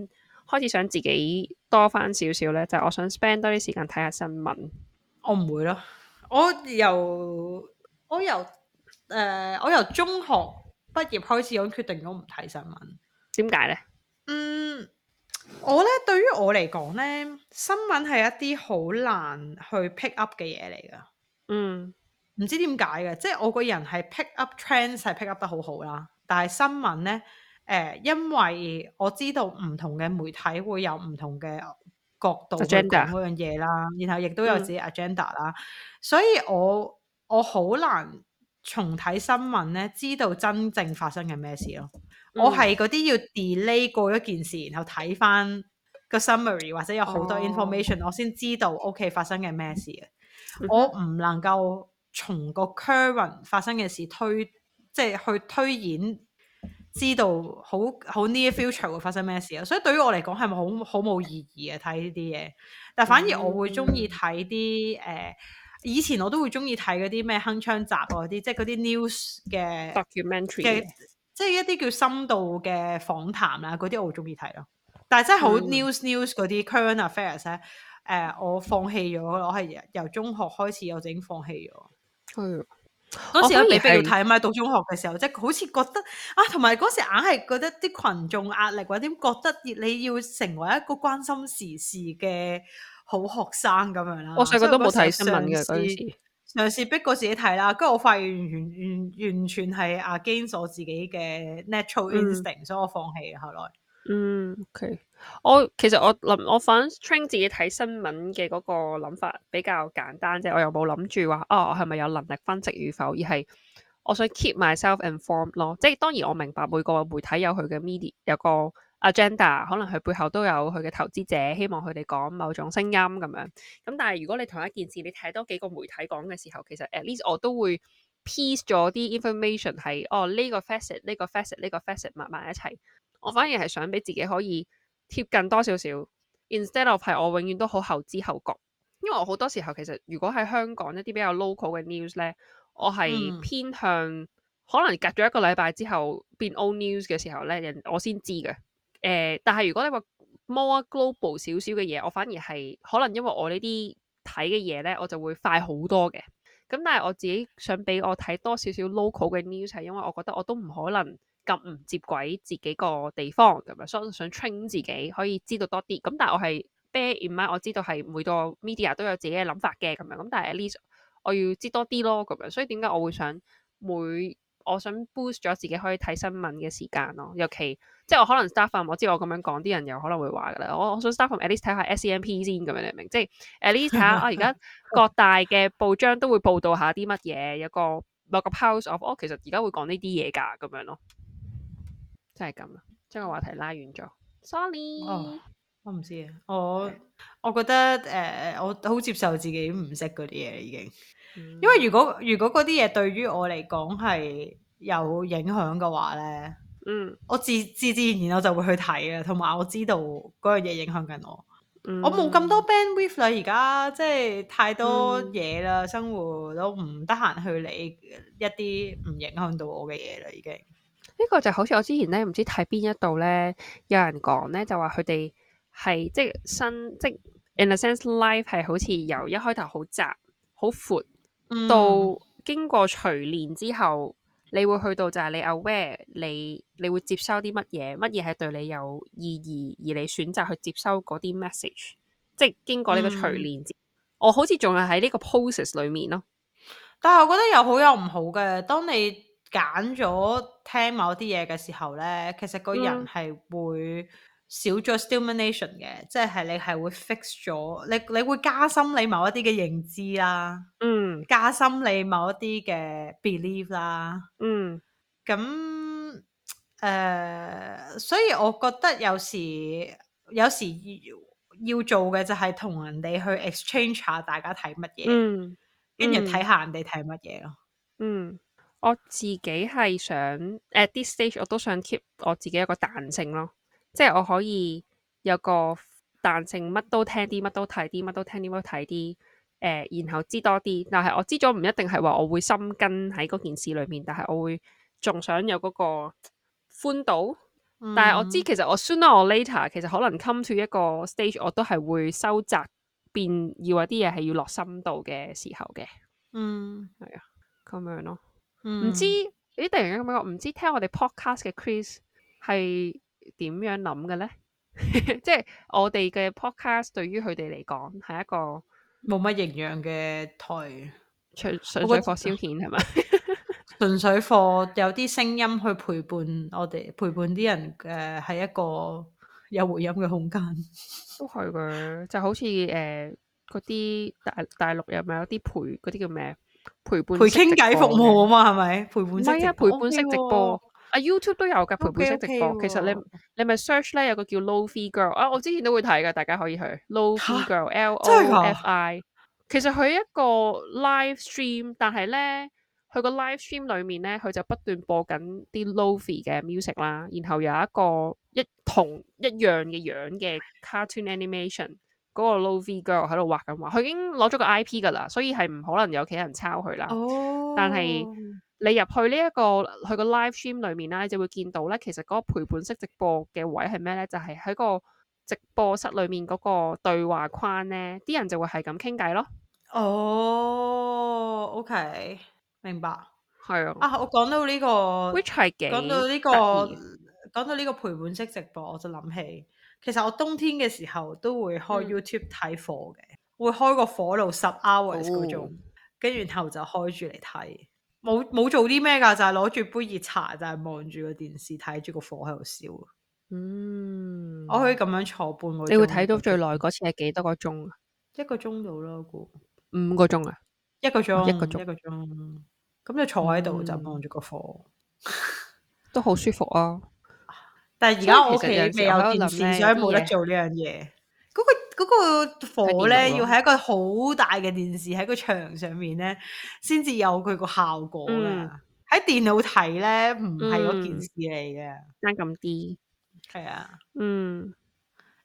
開始想自己多返少少咧，就係、是、我想 spend 多啲時間睇下新聞。我唔會咯。我由我由誒、呃、我由中學畢業開始，我決定咗唔睇新聞。點解咧？嗯，我咧對於我嚟講咧，新聞係一啲好難去 pick up 嘅嘢嚟㗎。嗯，唔知點解嘅，即係我個人係 pick up trends 係 pick up 得好好啦。但係新聞咧，誒、呃，因為我知道唔同嘅媒體會有唔同嘅角度咁講嗰樣嘢啦，然後亦都有自己 agenda 啦，嗯、所以我我好難重睇新聞咧，知道真正發生嘅咩事咯。嗯、我係嗰啲要 delay 過一件事，然後睇返個 summary 或者有好多 information，哦、我先知道 O K 發生嘅咩事嘅。嗯、我唔能夠從個 current 發生嘅事推，即係去推演。知道好好 near future 會發生咩事啊？所以對於我嚟講係咪好好冇意義嘅睇呢啲嘢。但反而我會中意睇啲誒，以前我都會中意睇嗰啲咩鏗鏘集嗰啲，即係嗰啲 news 嘅 documentary 即係一啲叫深度嘅訪談啦、啊。嗰啲我好中意睇咯。但係真係好 news news 嗰啲 current affairs 咧，誒、嗯呃、我放棄咗，我係由中學開始我就已經放棄咗。係、嗯。嗰時都未必要睇啊嘛，讀中學嘅時候即係好似覺得啊，同埋嗰時硬係覺得啲群眾壓力或者點覺得你要成為一個關心時事嘅好學生咁樣啦。我細個都冇睇新聞嘅嗰時，嘗試逼過自己睇啦，跟住我發現完完完，完全係 against 自己嘅 natural instinct、嗯、所以我放棄後來。嗯，OK，我其實我諗我反 train 自己睇新聞嘅嗰個諗法比較簡單啫。哦，我又冇諗住話我係咪有能力分析與否，而係我想 keep myself informed 咯。即係當然我明白每個媒體有佢嘅 media 有個 agenda，可能佢背後都有佢嘅投資者希望佢哋講某種聲音咁樣。咁但係如果你同一件事你睇多幾個媒體講嘅時候，其實 at least 我都會 piece 咗啲 information 係哦呢個 facet，呢個 facet，呢個 facet 埋埋一齊。我反而係想俾自己可以貼近多少少，instead of 係我永遠都好後知後覺。因為我好多時候其實如果喺香港一啲比較 local 嘅 news 咧，我係偏向、嗯、可能隔咗一個禮拜之後變 old news 嘅時候咧，人我先知嘅。誒、呃，但係如果你話 more global 少少嘅嘢，我反而係可能因為我呢啲睇嘅嘢咧，我就會快好多嘅。咁但係我自己想俾我睇多少少 local 嘅 news 係因為我覺得我都唔可能。咁唔接軌自己個地方咁樣，所以想 train 自,自,自己可以知道多啲咁。但係我係 bear in mind，我知道係每個 media 都有自己嘅諗法嘅咁樣。咁但係 at least 我要知多啲咯咁樣。所以點解我會想每我想 boost 咗自己可以睇新聞嘅時間咯。尤其即係我可能 start from 我知我咁樣講啲人有可能會話噶啦。我我想 start from at least 睇下 SCMP 先咁樣，你明？即係 at least 睇下我而家各大嘅報章都會報導下啲乜嘢，有個某個 pulse of，我、哦、其實而家會講呢啲嘢噶咁樣咯。真係咁啦，將個話題拉遠咗。Sorry，、oh, 我唔知啊，我我覺得誒、呃，我好接受自己唔識嗰啲嘢已經。嗯、因為如果如果嗰啲嘢對於我嚟講係有影響嘅話咧，嗯，我自自自然然我就會去睇啊，同埋我知道嗰樣嘢影響緊我。嗯、我冇咁多 bandwidth 啦，而家即係太多嘢啦，嗯、生活都唔得閒去理一啲唔影響到我嘅嘢啦，已經。呢個就好似我之前咧，唔知睇邊一度咧，有人講咧，就話佢哋係即係新即係 in a sense life 係好似由一開頭好窄好闊，到經過錘煉之後，嗯、你會去到就係你 aware 你你會接收啲乜嘢，乜嘢係對你有意義，而你選擇去接收嗰啲 message，即係經過呢個錘煉。嗯、我好似仲係喺呢個 process 裏面咯。但係我覺得有好有唔好嘅，當你揀咗聽某啲嘢嘅時候咧，其實個人係會少咗 stimulation 嘅，嗯、即係你係會 fix 咗，你你會加深你某一啲嘅認知啦，嗯，加深你某一啲嘅 believe 啦，嗯，咁誒、呃，所以我覺得有時有時要，要做嘅就係同人哋去 exchange 下大家睇乜嘢，嗯，跟住睇下人哋睇乜嘢咯，嗯。我自己係想，at this stage 我都想 keep 我自己一個彈性咯，即係我可以有個彈性，乜都聽啲，乜都睇啲，乜都聽啲，乜都睇啲，誒，然後知多啲。但係我知咗唔一定係話我會心跟喺嗰件事裏面，但係我會仲想有嗰、嗰個寬度。嗯、但係我知其實我 sooner or later，其實可能 come to 一個 stage，我都係會收窄，變要啲嘢係要落深度嘅時候嘅。嗯，係啊，咁樣咯。唔、嗯、知咦突然間咁樣講唔知聽我哋 podcast 嘅 Chris 係點樣諗嘅咧？ 即係我哋嘅 podcast 對於佢哋嚟講係一個冇乜營養嘅台，純純粹貨消遣係咪？純的不 粹貨，有啲聲音去陪伴我哋，陪伴啲人誒，係一個有回音嘅空間。都係嘅，就好似誒嗰啲大大陸入面有啲陪嗰啲叫咩？陪伴式傾偈服務啊嘛，係咪？陪伴式係啊，陪伴式直播啊，YouTube 都有噶陪伴式直播。其實你你咪 search 咧，有個叫 Lo-fi Girl 啊，我之前都會睇噶，大家可以去 Lo-fi Girl L O F I。其實佢一個 live stream，但係咧佢個 live stream 裏面咧，佢就不斷播緊啲 Lo-fi 嘅 music 啦，然後有一個一同一樣嘅樣嘅 cartoon animation。嗰個 Low V Girl 喺度畫緊畫，佢已經攞咗個 IP 噶啦，所以係唔可能有其他人抄佢啦。哦、oh。這個，但係你入去呢一個佢個 live stream 裏面啦，你就會見到咧，其實嗰個陪伴式直播嘅位係咩咧？就係、是、喺個直播室裏面嗰個對話框咧，啲人就會係咁傾偈咯。哦、oh，OK，明白。係啊，啊，我講到呢個，which 係講到呢個，講 is 到呢、這個、呢個陪伴式直播，我就諗起。其實我冬天嘅時候都會開 YouTube 睇火嘅，嗯、會開個火爐十 hours 嗰種，跟住、哦、然後就開住嚟睇，冇冇做啲咩噶，就係攞住杯熱茶就係望住個電視睇住個火喺度燒。嗯，我可以咁樣坐半個鐘。你會睇到最耐嗰次係幾多個鐘啊？一個鐘度咯，估五個鐘啊？一個鐘一個鐘一個鐘，咁、嗯、就坐喺度就望住個火，都好舒服啊！但係而家我屋企未有電視，所以冇得做呢樣嘢。嗰個嗰個火咧，要喺一個好大嘅電視喺個牆上面咧，先至有佢個效果噶。喺、嗯、電腦睇咧，唔係嗰件事嚟嘅。爭咁啲。係啊。嗯。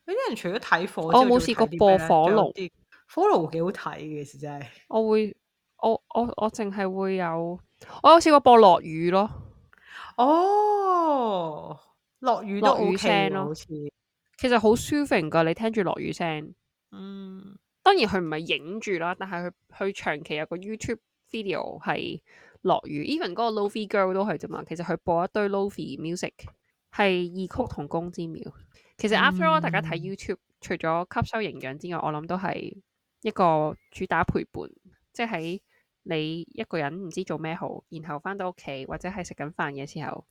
有啲人除咗睇火，我冇試過播火爐。火爐幾好睇嘅，其實真係。我會，我我我淨係會有，我有試過播落雨咯。哦、oh。落雨落 雨聲咯、嗯，其實好舒服噶。你聽住落雨聲，嗯，當然佢唔係影住啦，但係佢佢長期有個 YouTube video 係落雨，even 嗰個 Lofi Girl 都係啫嘛。其實佢播一堆 Lofi music 係異曲同工之妙。其實 after all，大家睇 YouTube，、嗯、除咗吸收營養之外，我諗都係一個主打陪伴，即係喺你一個人唔知做咩好，然後翻到屋企或者係食緊飯嘅時候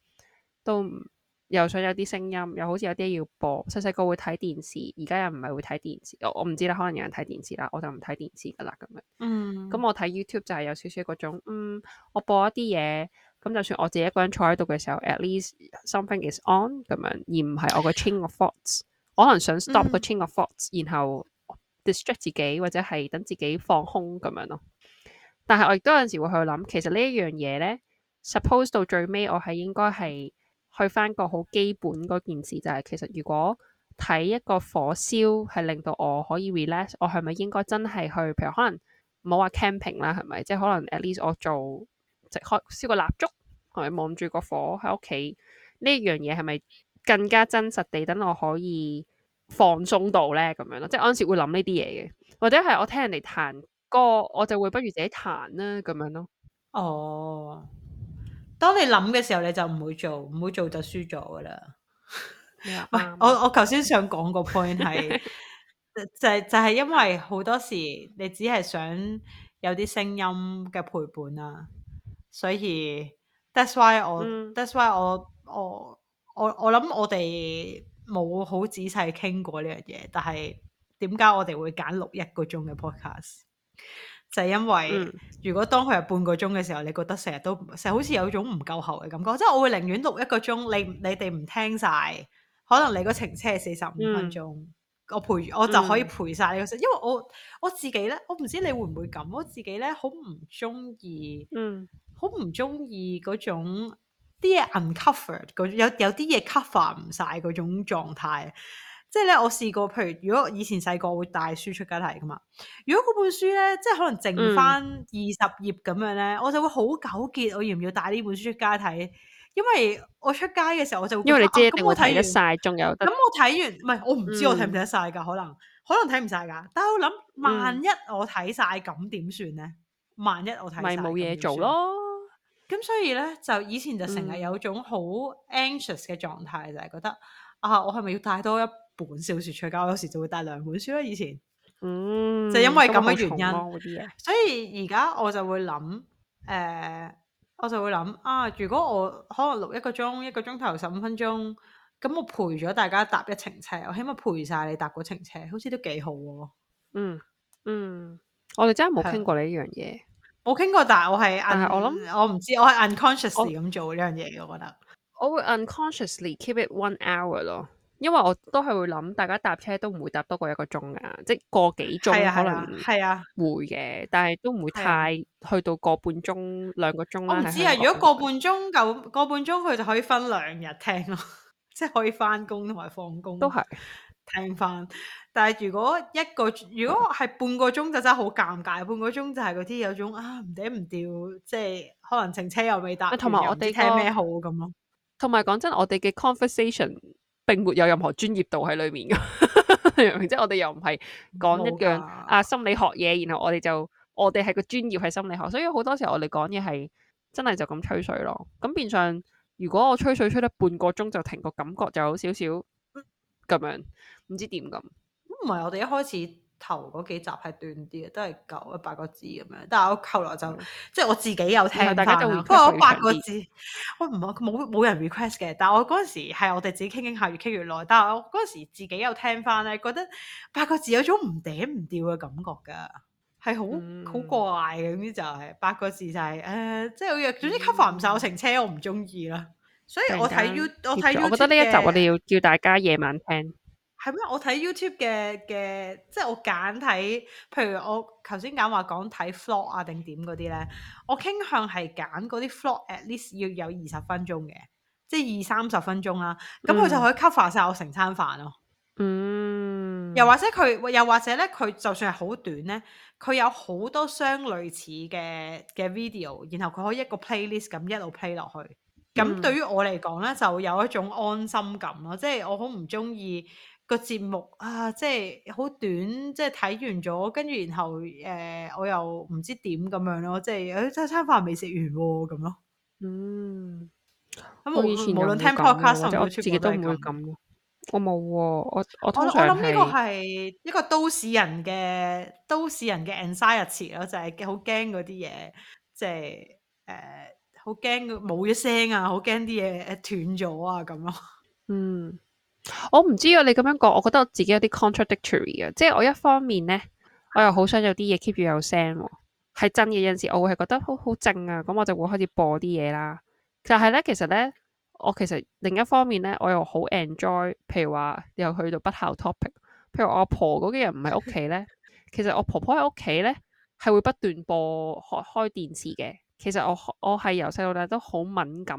都。唔。又想有啲聲音，又好似有啲要播。細細個會睇電視，而家又唔係會睇電視。我唔知啦，可能有人睇電視啦，我就唔睇電視噶啦咁樣。Mm hmm. 嗯。咁我睇 YouTube 就係有少少嗰種，嗯，我播一啲嘢。咁就算我自己一個人坐喺度嘅時候，at least something is on 咁樣，而唔係我個 chain of thoughts。 我可能想 stop 個 chain of thoughts，、mm hmm. 然後 distress 自己或者係等自己放空咁樣咯。但係我亦都有時會去諗，其實一呢一樣嘢咧，suppose 到最尾我係應該係。去翻個好基本嗰件事就係，其實如果睇一個火燒係令到我可以 relax，我係咪應該真係去譬如可能冇話 camping 啦，係咪？即係可能 at least 我做即係開燒個蠟燭，係望住個火喺屋企呢一樣嘢係咪更加真實地等我可以放鬆到咧咁樣咯？即係陣時會諗呢啲嘢嘅，或者係我聽人哋彈歌，我就會不如自己彈啦咁樣咯。哦。Oh. 當你諗嘅時候，你就唔會做，唔會做就輸咗噶啦。喂，我我頭先想講個 point 係，就係就係因為好多時你只係想有啲聲音嘅陪伴啦，所以 that's why 我 that's why 我我我我諗我哋冇好仔細傾過呢樣嘢，但係點解我哋會揀錄一個鐘嘅 podcast？就係因為如果當佢係半個鐘嘅時，時候，你覺得成日都成日好似有種唔夠喉嘅感覺，即係我會寧願錄一個鐘，你你哋唔聽晒，可能你個程車係四十五分鐘，嗯、我陪我就可以陪晒你個，因為我我自己咧，我唔知你會唔會咁，我自己咧好唔中意，好唔中意嗰種啲嘢 uncover 有有啲嘢 cover 唔晒嗰種狀態。即係咧，我試過，譬如如果以前細個會帶書出街睇噶嘛。如果嗰本書咧，即係可能剩翻二十頁咁樣咧，嗯、我就會好糾結，我要唔要帶呢本書出街睇？因為我出街嘅時候，我就會因為你借咁，我睇得晒，仲有。咁我睇完，唔係我唔知我睇唔睇得晒噶，可能可能睇唔晒噶。但係我諗，萬一我睇晒咁點算咧？萬一我睇晒、嗯，冇嘢做咯。咁所以咧，就以前就成日有種好 anxious 嘅狀態，嗯、就係覺得啊，我係咪要帶多一本小説出街，我有時就會帶兩本書啦。以前，嗯，就因為咁嘅原因、啊、所以而家我就會諗，誒、呃，我就會諗啊。如果我可能錄一個鐘，一個鐘頭十五分鐘，咁我陪咗大家搭一程車，我起碼陪晒你搭嗰程車，好似都幾好喎、啊嗯。嗯嗯，我哋真係冇傾過呢樣嘢，冇傾過，但係我係，但我諗，我唔知我，我係 unconsciously 咁做呢樣嘢，嘅。我覺得，我會 unconsciously keep it one hour 咯。因為我都係會諗，大家搭車都唔會搭多過一個鐘噶，即係個幾鐘可能係啊會嘅，啊、但係都唔會太去到個半鐘兩個鐘。我唔知啊，如果個半鐘夠個半鐘，佢就可以分兩日聽咯， 即係可以返工同埋放工都係是聽返。但係如果一個如果係半個鐘就真係好尷尬，半個鐘就係嗰啲有種啊唔嗲唔吊，即係可能程車又未搭。同埋我哋聽咩好？咁咯。同埋講真，我哋嘅 conversation。並沒有任何專業度喺裏面㗎， 即係我哋又唔係講一樣啊心理學嘢，然後我哋就我哋係個專業係心理學，所以好多時候我哋講嘢係真係就咁吹水咯。咁變相如果我吹水吹得半個鐘就停，個感覺就有少少咁樣，唔知點咁。唔係、嗯、我哋一開始。頭嗰幾集係短啲嘅，都係九、八個字咁樣。但係我後來就、嗯、即係我自己有聽翻啦。大家就、嗯、八個字，我唔係，冇冇人 request 嘅。但係我嗰陣時係我哋自己傾傾下，越傾越耐。但係我嗰陣時自己有聽翻咧，覺得八個字有種唔嗲唔掉嘅感覺㗎，係好好怪嘅咁啲就係、是、八個字就係、是、誒、呃，即係總之 cover 唔晒。嗯、我乘車，我唔中意啦。所以我睇 YouTube 我覺得呢一集我哋要叫大家夜晚聽。係咩？我睇 YouTube 嘅嘅，即係我揀睇，譬如我頭先揀話講睇 vlog 啊，定點嗰啲咧，我傾向係揀嗰啲 vlog，at least 要有二十分鐘嘅，即係二三十分鐘啦。咁佢就可以 cover 曬我成餐飯咯。嗯又，又或者佢，又或者咧，佢就算係好短咧，佢有好多相類似嘅嘅 video，然後佢可以一個 playlist 咁一路 play 落去。咁、嗯、對於我嚟講咧，就有一種安心感咯。即係我好唔中意。個節目啊，即係好短，即係睇完咗，跟住然後誒、呃，我又唔知點咁樣咯，樣即係誒，真、哎、係餐飯未食完喎、哦，咁咯。嗯，嗯，我以前無論聽 podcast，我都自己都唔會咁。我冇喎、哦，我我諗呢個係一個都市人嘅都市人嘅 anxiety 咯，就係好驚嗰啲嘢，即係誒，好驚冇一聲啊，好驚啲嘢斷咗啊，咁咯。嗯。我唔知啊，你咁樣講，我覺得我自己有啲 contradictory 嘅。即係我一方面咧，我又好想有啲嘢 keep 住有聲，係真嘅有陣時我會係覺得好好正啊，咁我就會開始播啲嘢啦。但係咧，其實咧，我其實另一方面咧，我又好 enjoy，譬如話又去到不孝 topic，譬如我阿婆嗰啲人唔喺屋企咧，其實我婆婆喺屋企咧係會不斷播開開電視嘅。其實我我係由細到大都好敏感，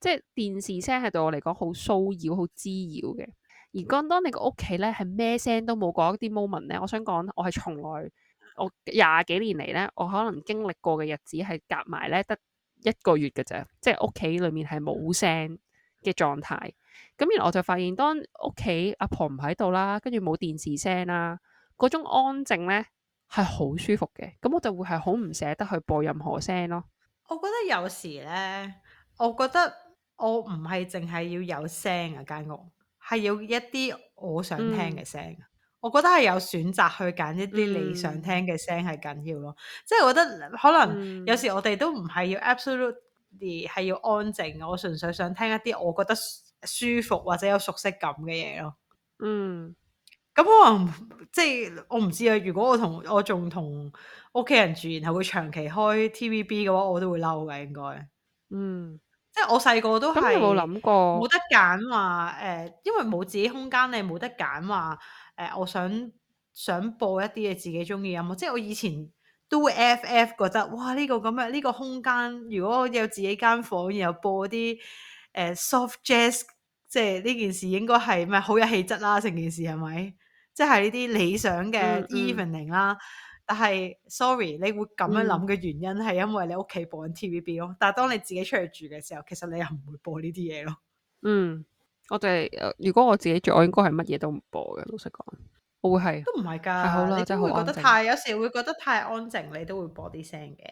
即係電視聲係對我嚟講好騷擾、好滋擾嘅。而當當你個屋企咧係咩聲都冇過嗰啲 moment 咧，我想講我係從來我廿幾年嚟咧，我可能經歷過嘅日子係夾埋咧得一個月嘅啫，即係屋企裏面係冇聲嘅狀態。咁然後我就發現，當屋企阿婆唔喺度啦，跟住冇電視聲啦，嗰種安靜咧。係好舒服嘅，咁我就會係好唔捨得去播任何聲咯。我覺得有時咧，我覺得我唔係淨係要有聲啊間屋，係要一啲我想聽嘅聲。嗯、我覺得係有選擇去揀一啲你想聽嘅聲係緊要咯。嗯、即係我覺得可能有時我哋都唔係要 absolutely 係要安靜。我純粹想聽一啲我覺得舒服或者有熟悉感嘅嘢咯。嗯。咁我即係、就是、我唔知啊！如果我同我仲同屋企人住，然後佢長期開 TVB 嘅話，我都會嬲嘅。應該，嗯，即係我細個都係，你冇諗過？冇得揀話，誒，因為冇自己空間，你冇得揀話，誒，我想想播一啲嘢自己中意啊！即係我以前都 FF 覺得，哇！呢、這個咁嘅呢個空間，如果有自己間房，然後播啲誒、呃、soft jazz，即係呢件事應該係咩好有氣質啦！成件事係咪？即係呢啲理想嘅 evening 啦、嗯，嗯、但係 sorry，你會咁樣諗嘅原因係因為你屋企播緊 TVB 咯。嗯、但係當你自己出去住嘅時候，其實你又唔會播呢啲嘢咯。嗯，我哋，如果我自己住，我應該係乜嘢都唔播嘅，老實講。我會係都唔係㗎，好啦你會覺得太有時會覺得太安靜，你都會播啲聲嘅。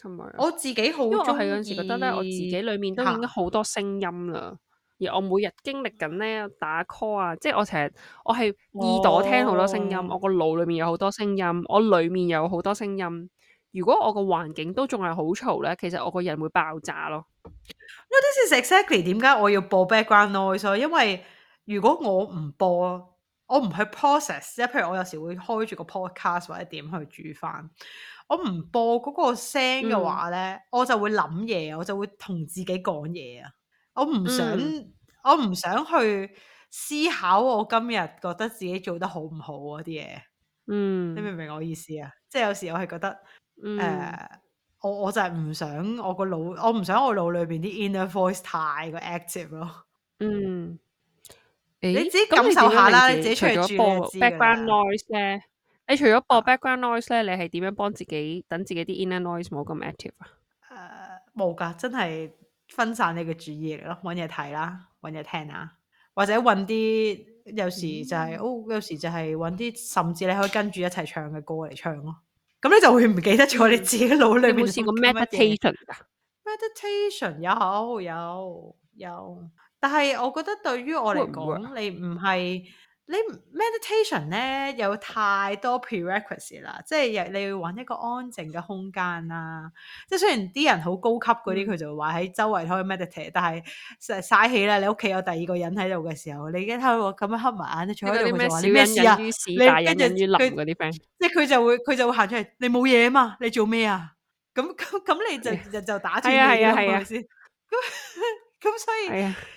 同埋、啊、我自己好中意。因為我係嗰時覺得呢，因為我自己裡面聽好多聲音啦。而我每日經歷緊咧打 call 啊，即係我成日我係耳朵聽好多、哦、聲音，我個腦裏面有好多聲音，我裏面有好多聲音。如果我個環境都仲係好嘈咧，其實我個人會爆炸咯。No, this is exactly 點解我要播 background noise 啊？因為如果我唔播，我唔去 process，即譬如我有時會開住個 podcast 或者點去煮飯，我唔播嗰個聲嘅話咧、嗯，我就會諗嘢，我就會同自己講嘢啊。我唔想，嗯、我唔想去思考我今日覺得自己做得好唔好嗰啲嘢。嗯，你明唔明我意思啊？即係有時我係覺得，誒、嗯 uh,，我我就係唔想我個腦，我唔想我腦裏邊啲 inner voice 太過 active 咯。嗯，欸、你自己感受下啦，你自己除咗播 background noise 咧， 你除咗播 background noise 咧，你係點樣幫自己等自己啲 inner noise 冇咁 active 啊？誒，冇噶，真係。分散你嘅注意力咯，揾嘢睇啦，揾嘢聽啊，或者揾啲有時就係、是，嗯、哦，有時就係揾啲甚至你可以跟住一齊唱嘅歌嚟唱咯。咁你就會唔記得咗你自己腦裏面、嗯。有冇試過 meditation 噶？meditation 有有有。但係我覺得對於我嚟講，Good work. 你唔係。你 meditation 咧有太多 prerequisite 啦，即係你要揾一個安靜嘅空間啦、啊。即係雖然啲人好高級嗰啲，佢、嗯、就話喺周圍開 meditate，但係嘥氣啦。你屋企有第二個人喺度嘅時候，你而家開我咁樣黑埋眼，你坐喺度咩事啊？你跟住佢啲 friend，即係佢就會佢就會行出嚟。你冇嘢啊嘛？你做咩啊？咁咁咁你就、哎、呀就就打住先。咁咁、哎哎哎、 所以。哎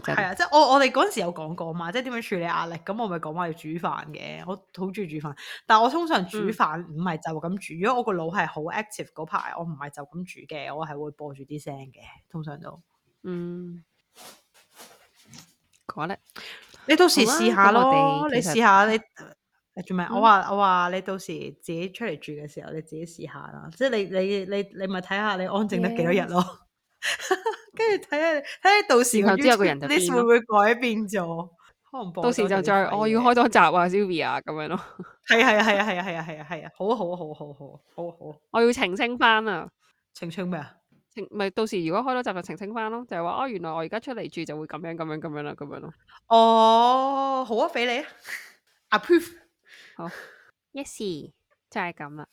係啊，即係我我哋嗰陣時有講過嘛，即係點樣處理壓力？咁我咪講話要煮飯嘅，我好中意煮飯。但係我通常煮飯唔係就咁煮，嗯、如果我個腦係好 active 嗰排，我唔係就咁煮嘅，我係會播住啲聲嘅，通常都。嗯，講咧，你到時試下咯，你試下你，誒，做咩？我話我話你到時自己出嚟住嘅時候，你自己試下啦，即係、嗯、你你你你咪睇下你安靜得幾多日咯。Yeah. 跟住睇下，睇下到時候後之後個人就會唔會改變咗？到時就再，哦、我要開多集啊，Sylvia 咁樣咯。係係係啊係啊係啊係啊係啊！好啊好啊好好好好！好好我要澄清翻啊！澄清咩啊？澄咪到時如果開多集就澄清翻咯，就係、是、話哦，原來我而家出嚟住就會咁樣咁樣咁樣啦，咁樣咯。哦，好啊，俾你啊，approve 好。好 yes 就係咁啦。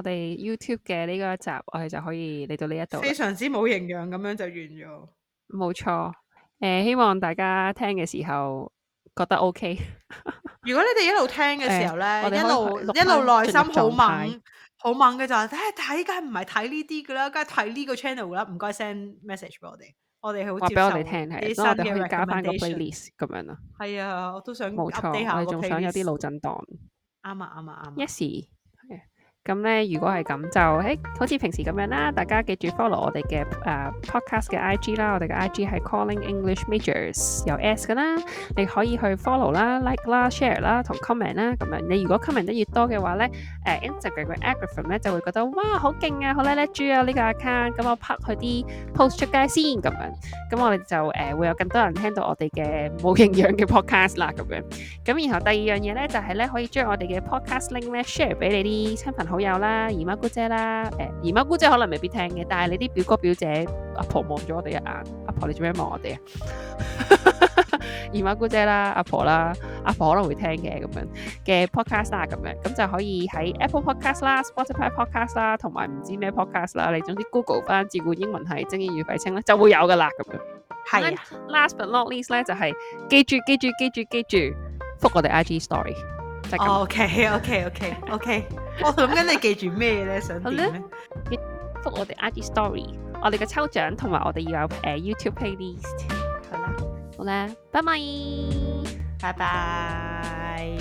我哋 YouTube 嘅呢個一集，我哋就可以嚟到呢一度。非常之冇營養咁樣就完咗。冇錯，誒、欸，希望大家聽嘅時候覺得 OK。 如果你哋一路聽嘅時候咧，欸、我一路一路內心好猛，好猛嘅就話，誒，睇，梗唔係睇呢啲噶啦，梗係睇呢個 channel 啦。唔該 send message 俾我哋，我哋好。話俾我哋聽係，咁我哋可以加翻個 release 咁樣啊。係啊，我都想冇錯，我哋仲想有啲腦震盪。啱啊，啱啊，啱啊。啊 Yes. 咁咧，如果係咁就，誒、欸、好似平時咁樣啦，大家記住 follow 我哋嘅誒 podcast 嘅 IG 啦，我哋嘅 IG 係 CallingEnglishMajors 有 S 嘅啦，你可以去 follow 啦、like 啦、share 啦同 comment 啦，咁樣，你如果 comment 得越多嘅話咧，誒、呃、Instagram 嘅 aggregator 咧就會覺得哇好勁啊，好叻叻豬啊呢個 account，咁我拍佢啲 post 出街先，咁樣，咁我哋就誒會有更多人聽到我哋嘅冇營養嘅 podcast 啦，咁樣，咁然後第二樣嘢咧就係、是、咧可以將我哋嘅 podcast link 咧 share 俾你啲親朋好友。有啦，姨媽姑姐啦，誒、欸，姨媽姑姐可能未必聽嘅，但係你啲表哥表姐，阿婆望咗我哋一眼，阿婆你做咩望我哋啊？ 姨媽姑姐啦，阿婆啦，阿婆可能會聽嘅，咁樣嘅 podcast 啦，咁樣，咁就可以喺 Apple Podcast 啦、Spotify Podcast 啦，同埋唔知咩 podcast 啦，你總之 Google 翻，自古英文係精英語廢青咧，就會有噶啦，咁樣。係、啊。Last but not least 咧，就係記住記住記住記住，覆我哋 IG story。O K O K O K O K，我諗緊你記住咩咧？想點咧，要覆我哋 I G Story，我哋嘅抽獎同埋我哋要有誒 YouTube playlist。好啦，好啦，拜拜，拜拜。